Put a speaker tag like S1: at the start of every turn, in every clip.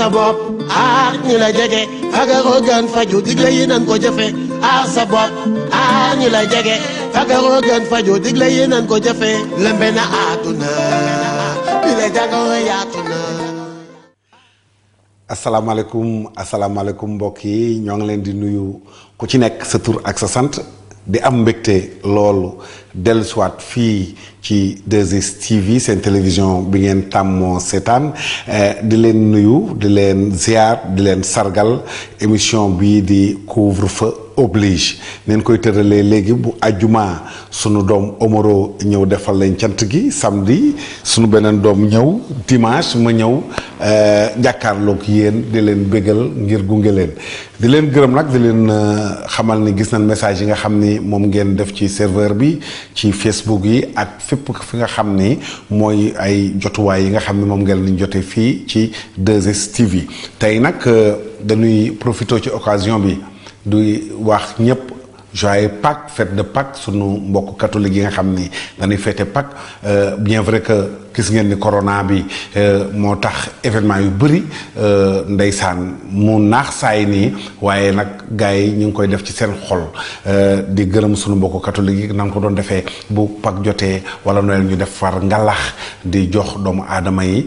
S1: sa bopp aar ñi la jege fagaroo gën faju digle yi nan ko jëfe aar sa aar ñi la jege fagaroo gën faju digle yi nan ko jëfe lëmbe na àdduna la jagoro yaatu na
S2: asalaamaaleykum asalaamaaleykum mbokk yi ñoo ngi leen di nuyu ku ci nekk sa tur ak sa sant di am mbégte loolu dellusiwaat fii ci 2STV seen télévision bi ngeen tàmmoo seetaan eh, di leen nuyu di leen ziar di leen sargal émission bii di couvre fa oblige neen koy tëralee léegi bu àjjuma sunu doom Omoro ñëw defal leen cant gi samedi sunu beneen doom ñëw dimanche ma ñëw euh, jàkkaarloog yéen di leen bégal ngir gunge leen di leen gërëm nag di leen euh, xamal ni gis nañ message yi nga xam ni moom ngeen def ci serveur bi ci Facebook yi ak fépp fi nga xam ni mooy ay jotuwaay yi nga xam ni moom ngeen lañ jote fii ci 2STV tey nag euh, dañuy profité ci occasion bi du wax ñëpp joyeux Pâques fête de Pâques suñu mbokk catholique yi nga xam ni dañuy fêter Pâques euh, bien vrai que gis ngeen ni corona bi euh, moo tax événement yu bëri euh, ndeysaan mu naax saay nii waaye nag gars yi ñu ngi koy def ci seen xol di gërëm suñu mbokku catholique yi nan ko doon defee bu Pâques jotee wala noonu ñu def far ngalax di jox doomu aadama yi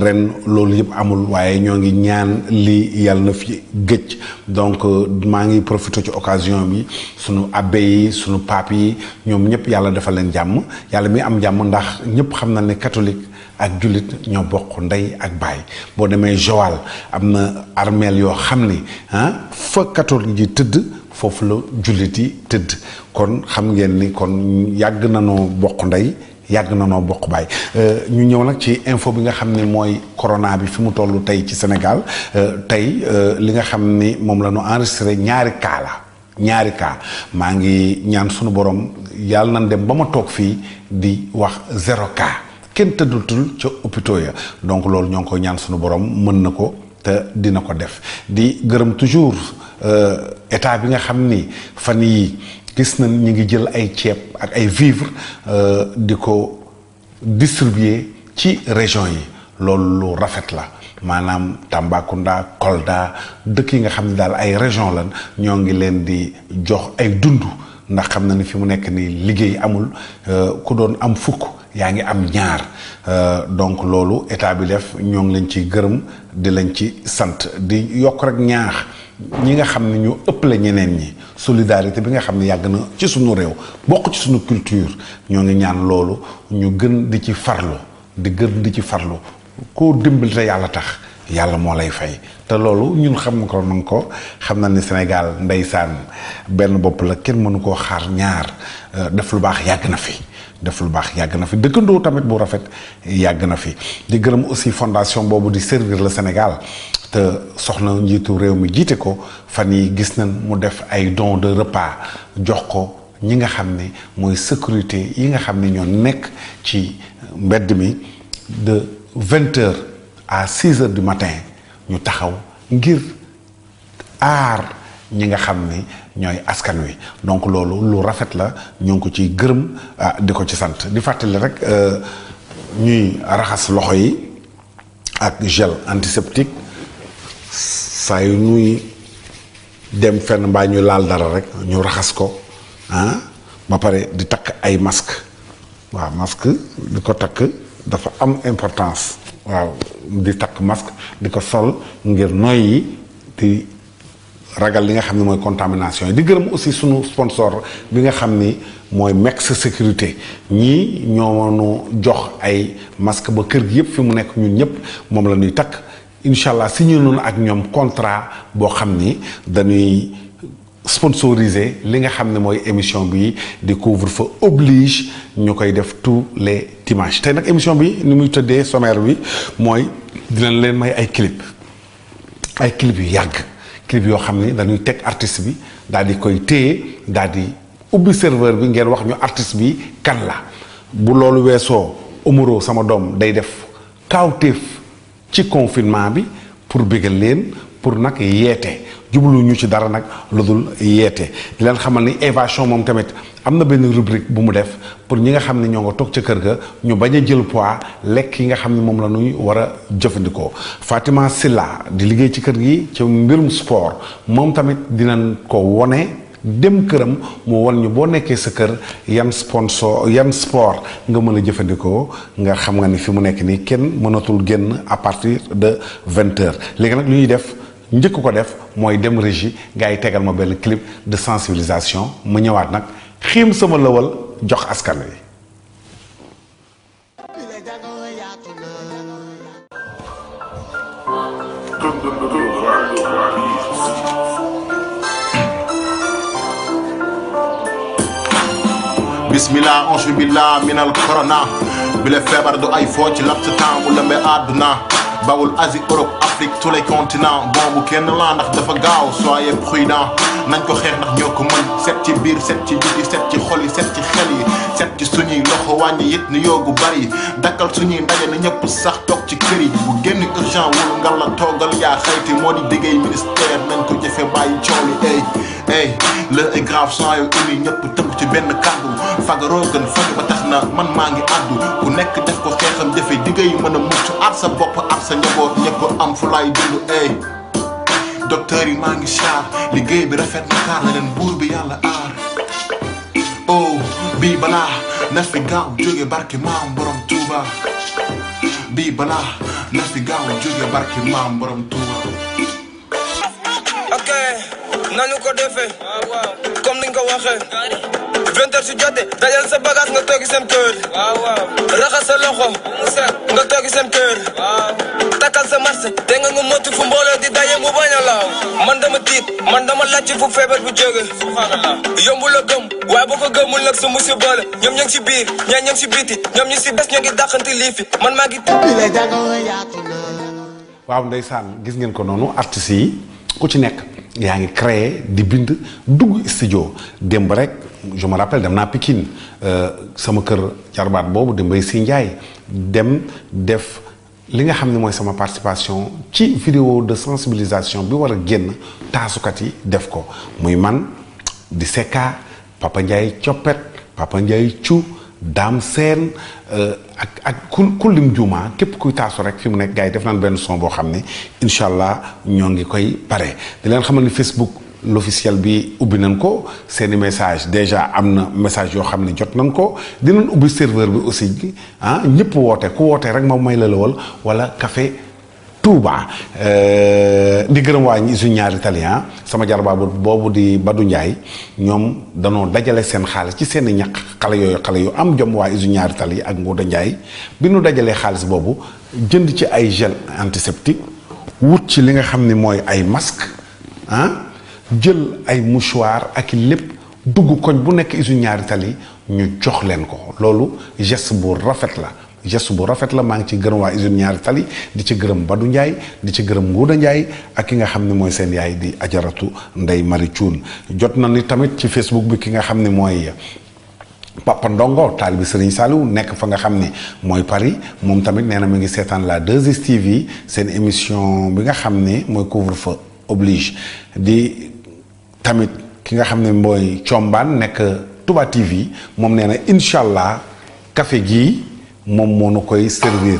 S2: ren loolu yëpp amul waaye ñoo ngi ñaan lii yàlla na fi gëj donc maa ngi profité ci occasion bi. sunu abbé yi sunu pape yi ñoom ñëpp yàlla dafa leen jàmm yàlla mi am jàmm ndax ñëpp xam na ni catholique ak jullit ñoo bokk ndey ak baay boo demee Joal am na armeel yoo xam ni ah fa catholique yi tëdd foofu la jullit yi tëdd kon xam ngeen ni kon yàgg na noo bokk ndey yàgg na noo bokk baay euh, ñu ñëw nag ci info bi nga xam ne mooy corona bi fi mu toll tey ci Sénégal euh, tey euh, li nga xam ni moom la ñu enregistré ñaari kaala ñaari cas maa ngi ñaan suñu borom yàlla na dem ba ma toog fii di wax zéro cas kenn tëddutul ca hôpitaux ya donc loolu ñoo ngi ko ñaan suñu borom mën na ko te dina ko def di gërëm toujours euh, état bi nga xam ni fan yi gis na ñu ngi jël ay ceeb ak ay vivres euh, di ko distribuer ci région yi loolu lu rafet la maanaam Tambacounda Kolda dëkk yi nga xam ne daal ay région lan ñoo ngi leen di jox ay dund ndax xam na ni fi mu nekk nii liggéey amul euh, ku doon am fukk yaa ngi am ñaar euh, donc loolu état bi def ñoo ngi leen ci gërëm di leen ci sant di yokk rek ñaax ñi nga xam ne ñu ëpp la ñeneen ñi solidarité bi nga xam ne yàgg na ci suñu réew bokk ci suñu culture ñoo ngi ñaan loolu ñu gën di ci farlu di gën di ci farlu koo dimbali yàlla tax yàlla moo lay fay te loolu ñun xam nga ko nanga ko xam na ni Sénégal ndeysaan benn bopp la kenn mënu koo xaar ñaar euh, def lu baax yàgg na fi def lu baax yàgg na fi dëkkandoo tamit bu rafet yàgg na fi di gërëm aussi fondation boobu di servir le Sénégal te soxna njiitu réew mi jiite ko fan yi gis nañ mu def ay don de repas jox ko ñi nga xam ne mooy sécurité yi nga xam ne ñoo nekk ci mbedd mi de vingt à six heures du matin ñu taxaw ngir aar ñi nga xam ni ñooy askan wi donc loolu lu rafet la ñu ngi ko ci gërëm ah, di ko ci sant di fàttali rek euh, ñuy raxas loxo yi ak gel antiseptique saa yu ñuy dem fenn mbaa ñu laal dara rek ñu raxas ko ah ba pare di takk ay masque waaw masque di ko takk dafa am importance waaw di takk masque di ko sol ngir noyyi di ragal li nga xam ne mooy contamination yi di gërëm aussi suñu sponsor bi nga xam ni mooy Mex sécurité ñii ñoo nu jox ay masque ba kër gi yëpp fi mu nekk ñun ñëpp moom la ñuy takk incha allah signé noonu ak ñoom contrat boo xam ni dañuy. sponsorisé li nga xam ne mooy émission bi di couvre-feu oblige ñu koy def tous les dimanches tey nag émission bi ni muy tëddee sommaire bi mooy dinañ leen may ay clip ay clip yu yàgg clip yoo xam ne dañuy teg artist bi daal di koy téye daal di ubbi serveur bi ngeen wax ñu artiste bi kan la bu loolu weesoo Omaro sama doom day def kawtéef ci confinement bi pour bégal leen pour nag yeete jublu ñu ci dara nag lu yeete di leen xamal ni évasion moom tamit am na benn rubrique bu mu def pour ñi nga xam ne ñoo nga toog ca kër ga ñu bañ a jël pois lekk yi nga xam ne moom la ñuy war a jëfandikoo Fatima Silla di liggéey ci kër gi ci mbirum sport moom tamit dina ko wone dem këram mu wan ñu boo nekkee sa kër yan sponsor yan sport nga mën a jëfandikoo nga xam nga ni fi mu nekk nii kenn mënatul génn à partir de vingt léegi nag lu ñuy def njëkk ko def mooy dem régie gars yi tegal ma benn clip de sensibilisation mu ñëwaat nag xiim sama lëwal jox askan wi.
S3: bismillah auzu billah minal corona bi feebar du ay ci lapp temps bu lëmbee àdduna bawul Asie Europe Afrique tous les continents boobu kenn laa ndax dafa gaaw soyez prudent nañ ko xeex ndax ñoo ko mën set ci biir set ci biti set ci xol yi set ci xel yi set ci suñuy loxo wàññi it ni yoogu bari dakkal suñuy ndaje na ñëpp sax toog ci kër yi bu génn urgent wul nga la toogal yaa xayti moo di diggéey ministère nañ ko jëfe bàyyi coow li hey le ay grave sans yow indi ñëpp ci benn kàddu fagaroo gën faj na man maa ngi àddu ku nekk def ko xeexam jafe digga yi ma a mucc aar sa bopp aar sa am fu laay dund hey yi maa ngi xaar liggéey bi rafet na kaar na leen buur bi yàlla aar oh bii balaa na fi gaaw jóge barki maam borom Touba bii balaa na gaaw jóge barki maam borom
S4: Touba.
S5: nañu ko defee comme niñ ko waxee vingt heures su dajal sa bagage nga toogi seen kër raxas sa loxo nga toogi seen kër takkal sa marché te nga nga motu fu mbooloo di daje mu bañ a laaw man dama tiit man dama làcc fu feebar bu jóge yombu la gëm waaye bu ko gëmul nag su musi boole ñoom ñoo si biir ñaa ñoo ngi si biti ñoom ñu si bés lii fi man maa ngi
S2: waaw ndeysaan gis ngeen ko noonu artistes yi ku ci nekk yaa ngi créé di bind dugg studio démb rek je me rappelle dem naa Pikine euh, sama kër jarbaat boobu di Si Ndiaye dem def li nga xam ne mooy sama participation ci vidéo de sensibilisation bi war a génn taasukat yi def ko muy man di Secka Papa Ndiaye coppet Papa Ndiaye cu daam seen euh, ak ak kul kullim juuma képp kuy taasu rek fi mu nekk gars yi def naan benn son boo xam ni incha allah ñoo ngi koy pare di leen xamal ni Facebook l'officiel bi ubbi nañ ko seeni message déjà am na message yoo xam ne jot nañ ko dinañ ubbi serveur bi aussi ah ñëpp woote ku wootee rek ma may la lawal wala café Touba euh, di gërëm waa ñi suñ ñaari italien ah, sama jarbaa boobu di Badou Ndiaye ñoom danoo dajale seen xaalis ci seen i ñaq xale yooyu xale yu am jom waa isu ñaari tali ak Ngouda Ndiaye bi nu dajalee xaalis boobu jënd ci ay gel antiseptique wut ci li nga xam ni mooy ay masque ah, jël ay mouchoir ak lépp dugg koñ bu nekk isu ñaari tali ñu jox leen ko loolu geste bu rafet la geste bu rafet la maa ngi ci gërëm waa usine ñaari tali di ci gërëm Badou Ndiaye di ci gërëm Ngouda Ndiaye ak ki nga xam ne mooy seen yaay di ajaratu Ndeye mari Thioune jot na ni tamit ci Facebook bi ki nga xam ne mooy Papa Ndongo taalibi Serigne Saliou nekk fa nga xam ne mooy Paris moom tamit nee na mi ngi seetaan la 2STV seen émission bi nga xam ni mooy couvre-feu oblige di tamit ki nga xam ne mooy Combaan nekk Touba TV moom nee na incha allah café gii moom moo nu koy servir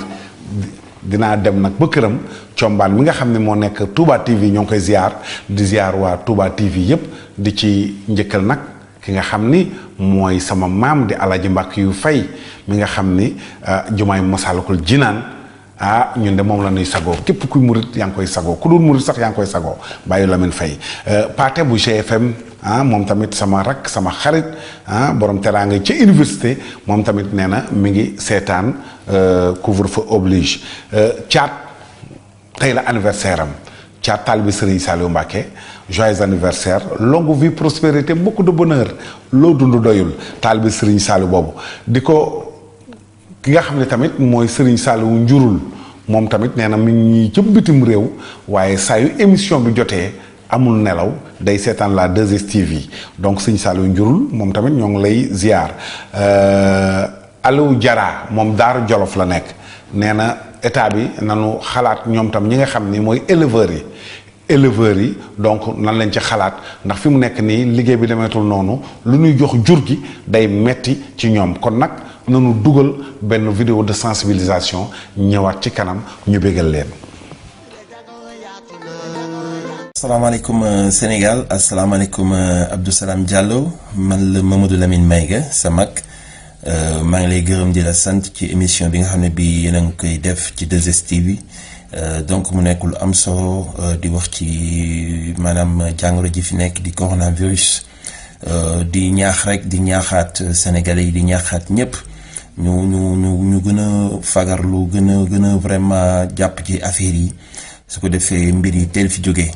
S2: dinaa dem nag ba këram combaan mi nga xam ne moo nekk Touba TV ñoo ngi koy ziar di ziar waa Touba TV yépp di ci njëkkal nag ki nga xam ni mooy sama maam di alaji mbàkk yu fay mi nga xam ni ah, jumaay Masaalikul Jinaan ah ñun ne moom la ñuy sagoo képp kuy murit yaa ngi koy sagoo ku dul murit sax yaa ngi koy sagoo bàyyi Lamine Fay eh, Paate bu GFM ah moom tamit sama rakk sama xarit ah borom nga ca université moom tamit nee na mi ngi seetaan euh, couvre-feu oblige caat euh, tey la anniversaire am caat taalibe Serigne Saliou Mbacké joyeux anniversaire longue vie prospérité mbokku de bonheur loo dund doyul taalibe Serigne Saliou boobu di ko ki nga xam ne tamit mooy Serigne Saliou njurul moom tamit nee na mi ngi ñuy bitim réew waaye saa yu émission bi jotee amul nelaw day seetaan la 2STV yi donc sëñ Saliou njurul moom tamit ñoo ngi lay ziar euh, Aliou Diarra moom Daaru Jolof la nekk nee na état bi nanu xalaat ñoom tam ñi nga xam ni mooy éleveurs yi éleveurs yi donc nan lañ ci xalaat ndax fi mu nekk nii liggéey bi demeetul noonu lu ñuy jox jur gi day metti ci ñoom kon nag nanu dugal benn vidéo de sensibilisation ñëwaat ci kanam ñu bégal leen salaamaaleykum euh, Sénégal asalaamaaleykum euh, Abdou Salam Diallo
S1: man la Mamadou Lamine Maïga sa mag euh, maa ngi lay gërëm di la sant ci émission bi nga xam ne bii yéen a ngi koy def ci 2STV bi donc mu nekk lu am solo di wax ci maanaam jàngoro ji fi nekk di coronavirus di ñaax rek di ñaaxaat Sénégalais yi di ñaaxaat ñëpp ñu ñu ñu ñu gën a lu gën a gën a vraiment jàpp ci affaire yi su ko defee mbir yi teel fi jógee.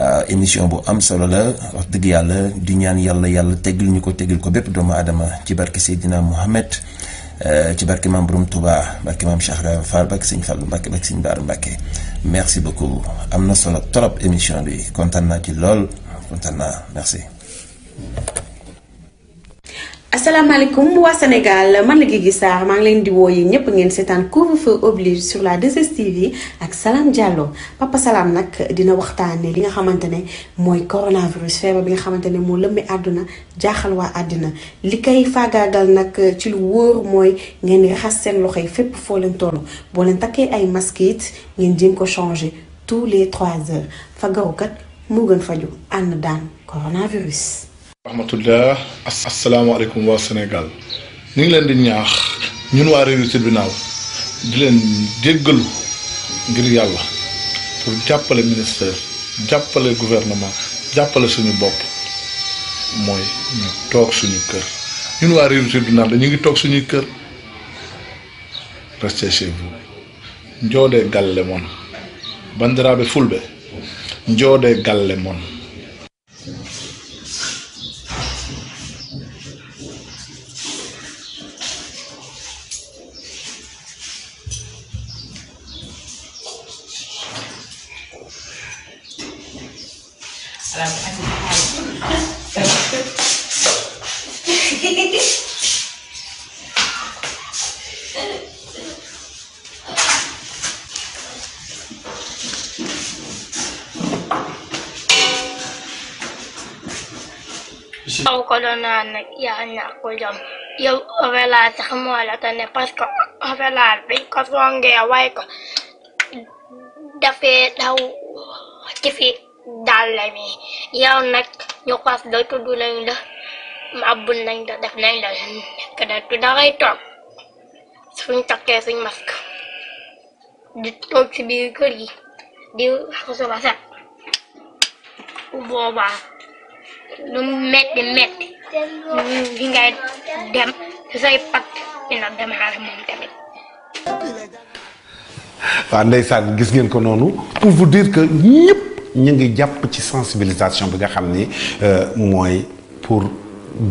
S1: Euh, émission bu am solo la wax dëgg yàlla di ñaan yàlla yàlla teggil ñu ko teggil ko bépp doomu aadama ci barke Seydina Mohamed euh, ci barki maam Borom tubaa barke maam Cheikh Ibrahima Fall barke sëñ Fallou Mbacke barke sëñ Baara Mbacke merci beaucoup am na solo trop émission bi kontaan naa ci lool kontaan naa merci.
S4: asalaamaaleykum waa Sénégal man la Guigui Sarr maa ngi leen di woo yéen ñëpp ngeen seetaan couvre-feu oblige sur la 2 yi ak salaam Diallo Papa salaam nag dina waxtaanee li nga xamante ne mooy coronavirus feebar bi nga xamante ne moo lëmbee àdduna jaaxal waa àddina li koy faagaagal nag ci lu wóor mooy ngeen raxas seen loxo yi fépp foo leen toll boo leen takkee ay masques ngeen jéem ko changé tous les trois heures fagarukat moo gën faju ànd
S3: rahmatullah asalaamaaleykum waa senegal ñu ngi leen di ñaax ñun waa réew tribunal di leen jéggalu ngir yàlla pour jàppale ministère jàppale gouvernement jàppale suñu bopp mooy ñu toog suñu kër ñun waa réew da ñu ngi toog suñuy kër restez chez vous njoodee galle moon bandiraaɓe fulɓe njoodee galle moon
S5: aanan iyo anacqulom iyo hawelaha saxmualatane pasko hawelaha bikosongeya wayko dafee daw ci fi dàllami yow nag ñu xas da tudd nañ la màbbul nañ la def nañ la nekk da tu dangay toog suñ takkee suñ masque di toog ci biir kër yi di xasu ba set boobaa
S6: lu metti metti
S5: li ngay dem te say pàcc dina dem xaaral moom tamit.
S2: waaw ndeysaan gis ngeen ko noonu pour vous dire que ñëpp ñu ngi jàpp ci sensibilisation bi nga xam ni euh, mooy pour.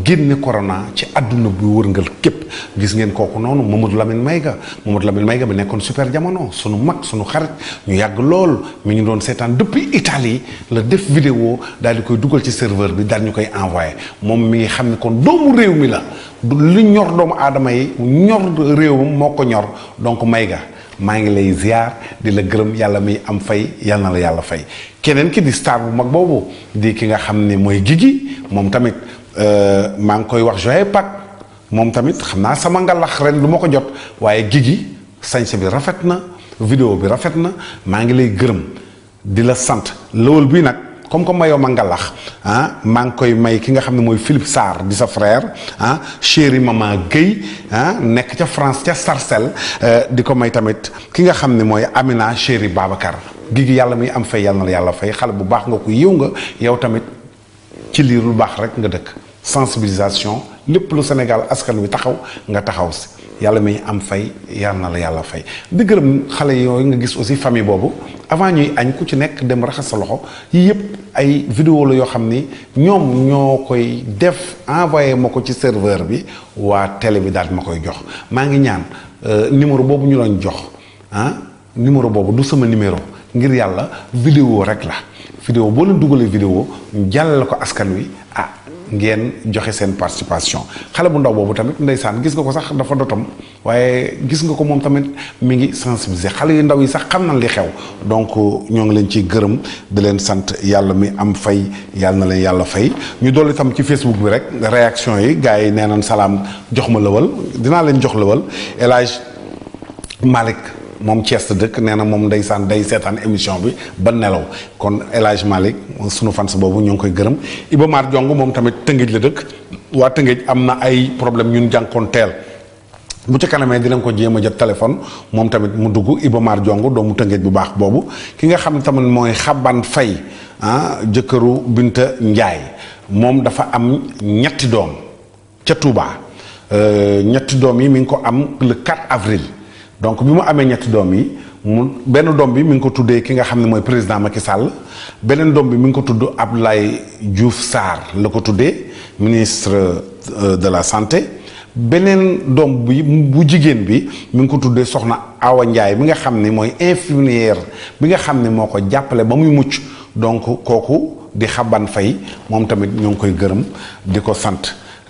S2: génne corona ci àdduna bu wërngal képp gis ngeen kooku noonu Mamadou Lamine Mayga Mamadou Lamine Mayga bi nekkoon super jamono sunu mag sunu xarit ñu yàgg lool mi ngi doon seetaan depuis itali la def vidéo daal di koy dugal ci serveur bi daal ñu koy envoyé moom mi ngi xam ne kon doomu réew mi la lu ñor doomu aadama yi ñor réewam moo ko ñor donc ga maa ngi lay ziar di la gërëm yàlla mi am fay yàlla na la yàlla fay keneen ki di star bu mag boobu ki nga xam ne mooy Guigui moom tamit. Euh, maa ngi koy wax joyeux Pâques moom tamit xam naa sama ngalax rek lu ma ko jot waaye gigi sañse bi rafet na video bi rafet na maa ngi lay gërëm di la sant lawal bii nag comme que mayoo ma ngalax ah maa ngi koy may ki nga xam ne mooy Philippe Sarr di sa frère ah chéri maman Guèye ah nekk ca France ca Sarcelles euh, di ko may tamit ki nga xam ne mooy Amina chéri Babacar gigi yàlla muy am fay yàlla na la yàlla fay xale bu baax nga ko yiw nga yow tamit ci lii lu baax rek nga dëkk sensibilisation lépp lu Sénégal askan wi taxaw nga taxaw si yàlla may am fay yàlla na la yàlla fay di gërëm xale yooyu nga gis aussi famille boobu avant ñuy añ ku ci nekk dem raxas sa loxo yii yëpp ay video la yoo xam ni ñoom ñoo koy def envoyé ma ko ci serveur bi waa télé bi daal ma koy jox maa ngi ñaan euh, numéro boobu ñu doon jox ah numéro boobu du sama numéro ngir yàlla vidéo rek la vidéo boo leen dugalee vidéo jàllale ko askan wi ah ngeen joxe seen participation xale bu ndaw boobu tamit ndeysaan gis nga ko sax dafa dotom waaye gis nga ko moom tamit mi ngi sensibiliser xale yu ndaw yi sax xam na li xew donc ñoo ngi leen ciy gërëm di leen sant yàlla mi am fay yàlla na leen yàlla fay ñu dool itam ci Facebook bi rek réaction yi gars yi nee nañ salaam jox ma lëwal dinaa leen jox lëwal El Hadj moom Thiès dëkk nee na moom ndeysaan day seetaan émission bi ba nelaw kon El Hadj Malick sunu boobu ñoo ngi koy gërëm Iba Mar Jong moom tamit Tëngéej la dëkk waa Tëngéej am na ay problème ñun jànkoon teel bu ci kanamee dinañ ko jéem a jot téléphone moom tamit mu dugg Iba Mar Jong doomu Tëngéej bu baax boobu ki nga xam tamit mooy Xaban Fay ah jëkkëru Binta Njaay moom dafa am ñetti doom ca Touba euh, ñetti doom yi mi ngi ko am le 4 avril donc bi mu amee ñetti doom yi mu benn doom bi mi ngi ko tuddee ki nga xam ne mooy président Macky Sall beneen doom bi mu ngi ko tudd Abdoulaye Diouf saar la ko tuddee ministre euh, de la santé beneen doom bi bu jigéen bi mu ngi ko tuddee soxna Awa Ndiaye bi nga xam ni mooy infirmière bi nga xam ne moo ko jàppale ba muy mucc donc kooku di xaban fay moom tamit ñoo ngi koy gërëm di ko sant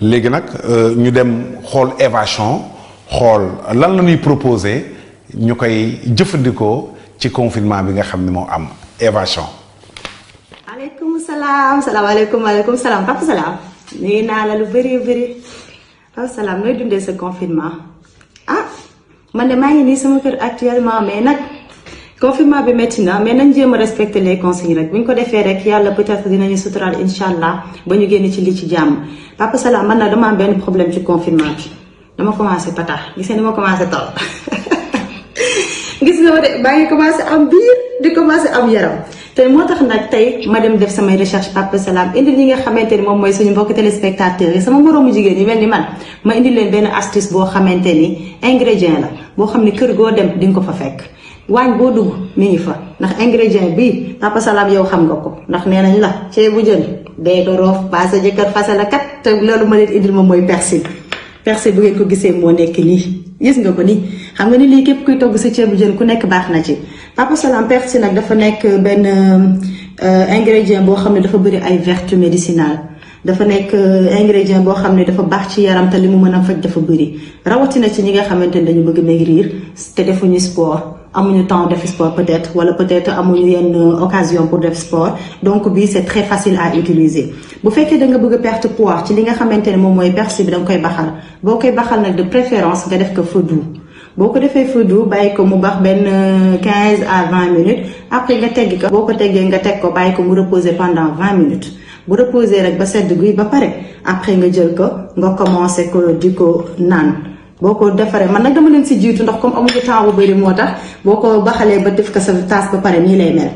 S2: léegi nag euh, ñu dem xool évasion xool lan la ñuy proposé ñu koy jëfandikoo ci confinement bi nga xam ne moo am évasion.
S4: maaleykum salaam salaamaaleykum maaleykum salaam Pape Salam nuyu naa la lu bëri bëri Pape Salam nooy dundee sa confinement ah man de maa ngi sama kër actuellement mais nag confinement bi métti na mais nañ jéem a respecter les consignes rek bu ñu ko defee rek yàlla peut-être dinañu suturaal incha allah ba ñu génn ci li ci jàmm Pape Salam man nag dama am benn problème ci confinement bi. dama commencé patax gis nga ma commencé tol gis nga ma de baa ngi commencé am biir di commencé am yaram te moo tax nag tey ma dem def sama recherche Pape Salam indi li nga xamante ni moom mooy suñu mbokki téléspectateurs yi sama moroomu jigéen yi mel ni man ma indi leen benn astuce boo xamante ni ingrédient la boo xam ne kër goo dem di nga ko fa fekk waañ boo dugg mi ngi fa ndax ingrédient bii Papa Salam yow xam nga ko ndax nee nañ la ceebu jën dee ko roof ba sa jëkkër loolu ma leen indil moom mooy persil percé bu ko gisee moo nekk nii gis nga ko ni xam nga ni lii képp kuy togg sa ceebu jën ku nekk baax na ci papa salam percé nag dafa nekk benn euh, ingrédient boo xam ne dafa bëri ay vertu médicinale dafa nekk euh, ingrédient boo xam ne dafa baax ci yaram te li mu mën a faj dafa bëri rawatina ci ñi nga xamante ne dañu bëgg maigrir te defuñu sport amuñu temps def sport peut-être wala peut-être amuñu yenn euh, occasion pour def sport donc bii c'est très facile à utiliser bu fekkee da nga bëgg a perte poids ci li nga xamante ne moom mooy persil bi da koy baxal boo koy baxal nag de préférence nga def ko feu boo ko defee feu bàyyi ko mu bax benn 15 euh, à 20 minutes après nga teggi ko boo ko teggee nga teg ko bàyyi ko mu reposer pendant 20 minutes bu reposer rek ba sedd guy ba pare après nga jël ko nga commencer ko di ko naan boo ko defaree man nag dama leen si jiitu ndax comme amuñu temps bu bëri moo tax boo ko baxalee ba def ko sa taas ba pare nii lay mel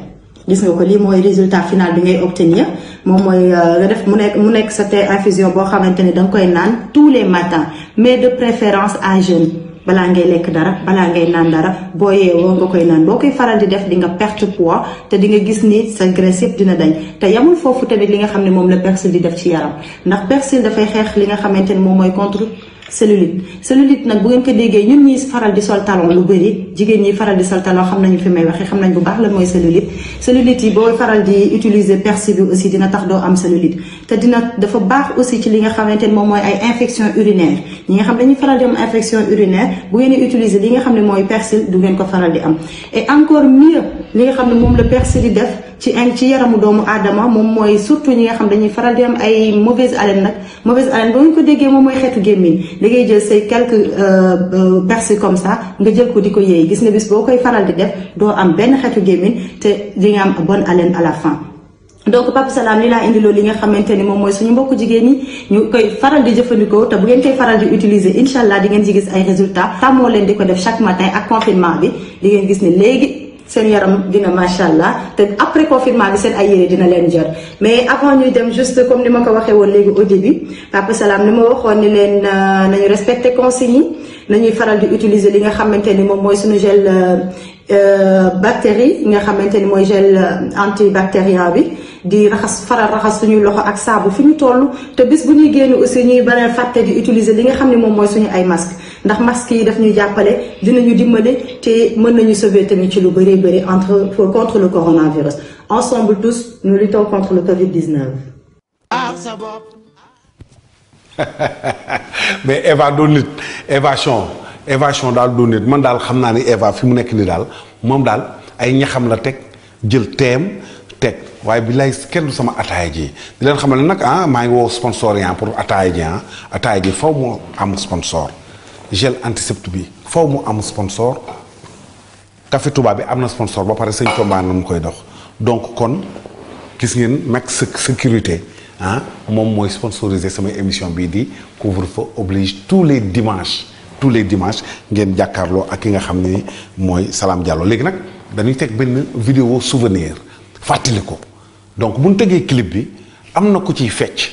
S4: gis nga ko lii mooy résultat final bi ngay obtenir moom mooy euh, nga def mu nekk mu nekk sa te infusion boo xamante ne danga koy naan tous les matins mais de préférence à jeûne balaa ngay lekk dara balaa ngay naan dara boo yeewoo nga koy naan boo koy faral di def di nga perte poids te di nga gis ni sa graisse yëpp dina dañ te yamul foofu tamit li nga xam ne moom la persil di def ci yaram ndax dafay xeex li nga xamante ne moom mooy contre cellulite cellulite nag bu ngeen ko déggee ñun ñuy faral di sol talon lu bëri jigéen ñi faral di sol talon xam nañu fi may waxee xam nañ bu baax lan mooy cellulite cellulite yi boo faral di utiliser persil bi aussi dina tax doo am cellulite te dina dafa baax aussi ci li nga xamante ne moom mooy ay infection urinaire ñi nga xam dañuy faral di am infection bu ngeen di utiliser nga xam ne mooy persil du ngeen ko faral di am encore mieux li nga xam ne moom la persil di def ci ci yaramu doomu aadama moom mooy surtout ñi nga xam dañuy faral di am ay mauvaise haleine nag mauvaise haleine doo nga ko déggee moom mooy xeetu gémmiñ da ngay jël say quelques euh, euh, persil comme ça nga jël ko di ko yéey gis nga bis boo koy faral di def doo am benn xeetu gémmiñ te di am bonne haleine à la fin donc Papa Salam li laa indiloo li nga xamante ni moom mooy suñu mbokku jigéen ñi ñu koy faral di jëfandikoo te bu ngeen koy faral di utiliser incha allah di ngeen ci gis ay résultats tàmmoo leen di ko def chaque matin ak confinement bi di ngeen gis ni léegi. seen yaram dina macha allah te après confinement bi seen dina leen jot mais avant ñuy dem juste comme ni ma ko waxee woon léegi au début Papa Salam ni ma waxoon ni leen euh, nañu respecté consignes yi nañuy faral di utiliser li nga xamante ni moom mooy suñu gel euh, euh, bactérie nga xamante ni mooy gel antibactérien bi. di raxas faral raxas suñuy loxo ak saabu fi ñu toll te bis bu ñuy génn aussi ñuy beneen fàtte di utiliser li nga xam ne moom mooy suñu ay masque ndax masque yi daf ñuy jàppale dinañu dimbale te mën nañu sauver tamit ci lu bëri bëri entre contre le coronavirus ensemble tous nous luttons contre le Covid 19.
S2: mais Eva doon nit évasion évasion daal doon nit man daal xam naa ni Eva fi mu nekk ni daal moom daal ay ñaxam la teg jël teem. teg waaye bi lay kenn sama ataaya ji di leen xamal nag ah maa ngi woo sponsor yi ah, pour ataaya ji ah ataaya ji faw mu am sponsor gel antiseptique bi faw mu am sponsor café Touba bi am na sponsor ba pare sëñ Touba na mu koy dox donc kon gis ngeen mag sécurité ah moom mooy sponsorisé sama émission bii di couvre-feu oblige tous les dimanches tous les dimanches ngeen jàkkaarloo ak ki nga xam ni mooy Salam Diallo léegi nag dañuy teg benn vidéo souvenir fàttali ko donc bu ñu tegee clip bi am na ku ciy fecc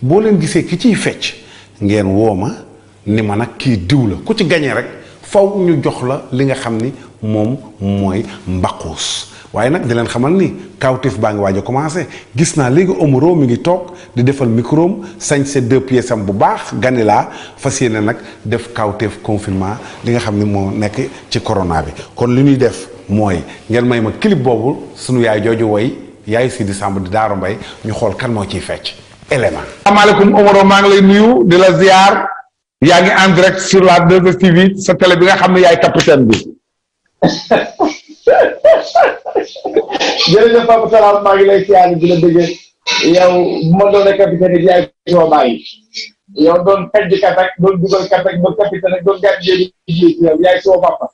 S2: boo leen gisee ki ciy fecc ngeen woo ma ni ma nag kii diw la ku ci gañe rek faw ñu jox la li nga xam ni moom mooy mbaquus waaye nag di leen xamal ni kawtif baa ngi waaj a commencé gis naa léegi Omaro mi ngi toog di defal microom sañ sa deux pièces bu baax gani laa fas yéene nag def kawtif confinement li nga xam ni moo nekk ci corona bi kon li ñuy def mooy ngeen may ma clip boobu sunu yaay jooju woy yaay Sidi Samb di Daaro Mbay ñu xool kan moo ciy fecc élément. asalaamaaleykum Omaro maa
S1: ngi lay nuyu di la ziar yaa ngi en direct sur la 2STV sa télé bi nga xam ne yaay capitaine bi. jërëjëf maa ngi lay doon capitaine bi doon dugal kat doon capitaine ak doon gardien yaay soo papa.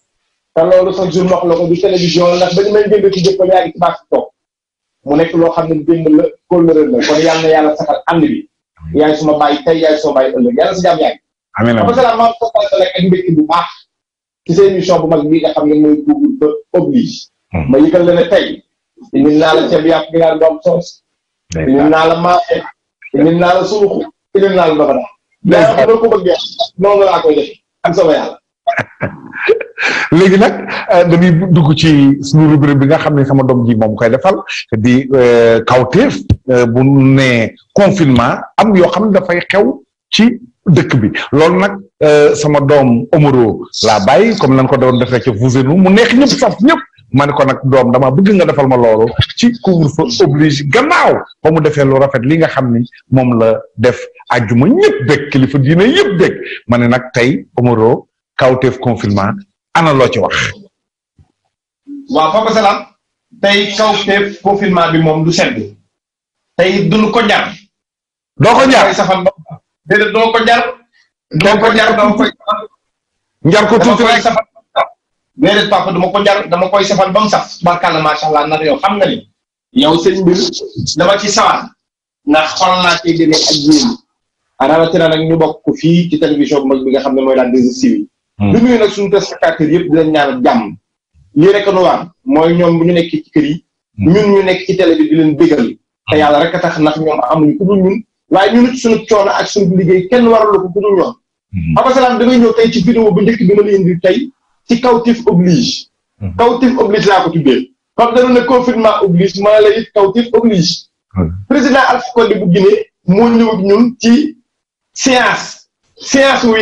S1: ta loolu sax jour wax la ko du télévision ndax ba ñu may jënd ci jëppal yaa ngi ci baax toog mu nekk loo xam ne démb la la kon yàlla bi yaay suma bàyyi tey yaay suma bàyyi ëllëg yaa ko ak mbégte bu baax ci seen émission bu mag bii nga xam ne mooy Google hmm. ma yëgal la ne tey.
S5: indil naa la ceeb
S1: yàpp gi naan doom soos.
S5: indil naa la
S1: maafe. la laa koy def ak sama yàlla.
S2: léegi nag euh, dañuy dugg ci suñu rubrique bi nga xam ne sama doom ji moom koy defal di euh, kawteef euh, bu ne confinement am yoo xam ne dafay xew ci dëkk bi loolu nag sama doom Omaro laa bàyyi comme nan ko doon defee ca Vouzenou mu neex ñëpp saf ñëpp ma ne ko nag doom dama bëgg nga defal ma loolu ci couvre-feu oblige gannaaw ba mu defee lu rafet li nga xam ni moom la def ajjuma ñëpp dëkk kilifa diine yëpp dëkk ma ne nag tey Omaro kawteef confinement ana loo ci wax.
S1: waaw foofu salaam tey kaw teef confinement bi moom du sedd tey duñu ko jar. doo ko jar déedéet doo ko jar. doo ko jar doo ko njar ko tuuti rek déedéet papa dama ko jar dama koy safal ba mu saf barkàlla macha allah nar yow xam nga ni yow seen mbir dama ci sawar na xol naa tey jëlee ak yéen rawatina nag ñu bokk fii ci télévision bu mag bi nga xam ne mooy daan des Mm. du nuyu nag suñu téléspectateurs yëpp di leen ñaanal jàmm lii rek nu war mooy ñoom bu ñu nekk ci kër yi mm. ñun ñu nekk ci télé bi di leen bégal te mm. yàlla rek a tax ndax ñoom amuñu ku dul ñun waaye ñun suñu coono ak suñu liggéey kenn waralu ko ku dul ñoom Abou Salam dangay ñëw tey ci vidéo bu njëkk bi ma la indi tey ci Kawtef oblige Kawtef oblige laa ko tuddee par dañu ne confinement oblige ma la it Kawtef oblige président Alpha Condé bu Guinée moo ñëw ñun ci séance séance wu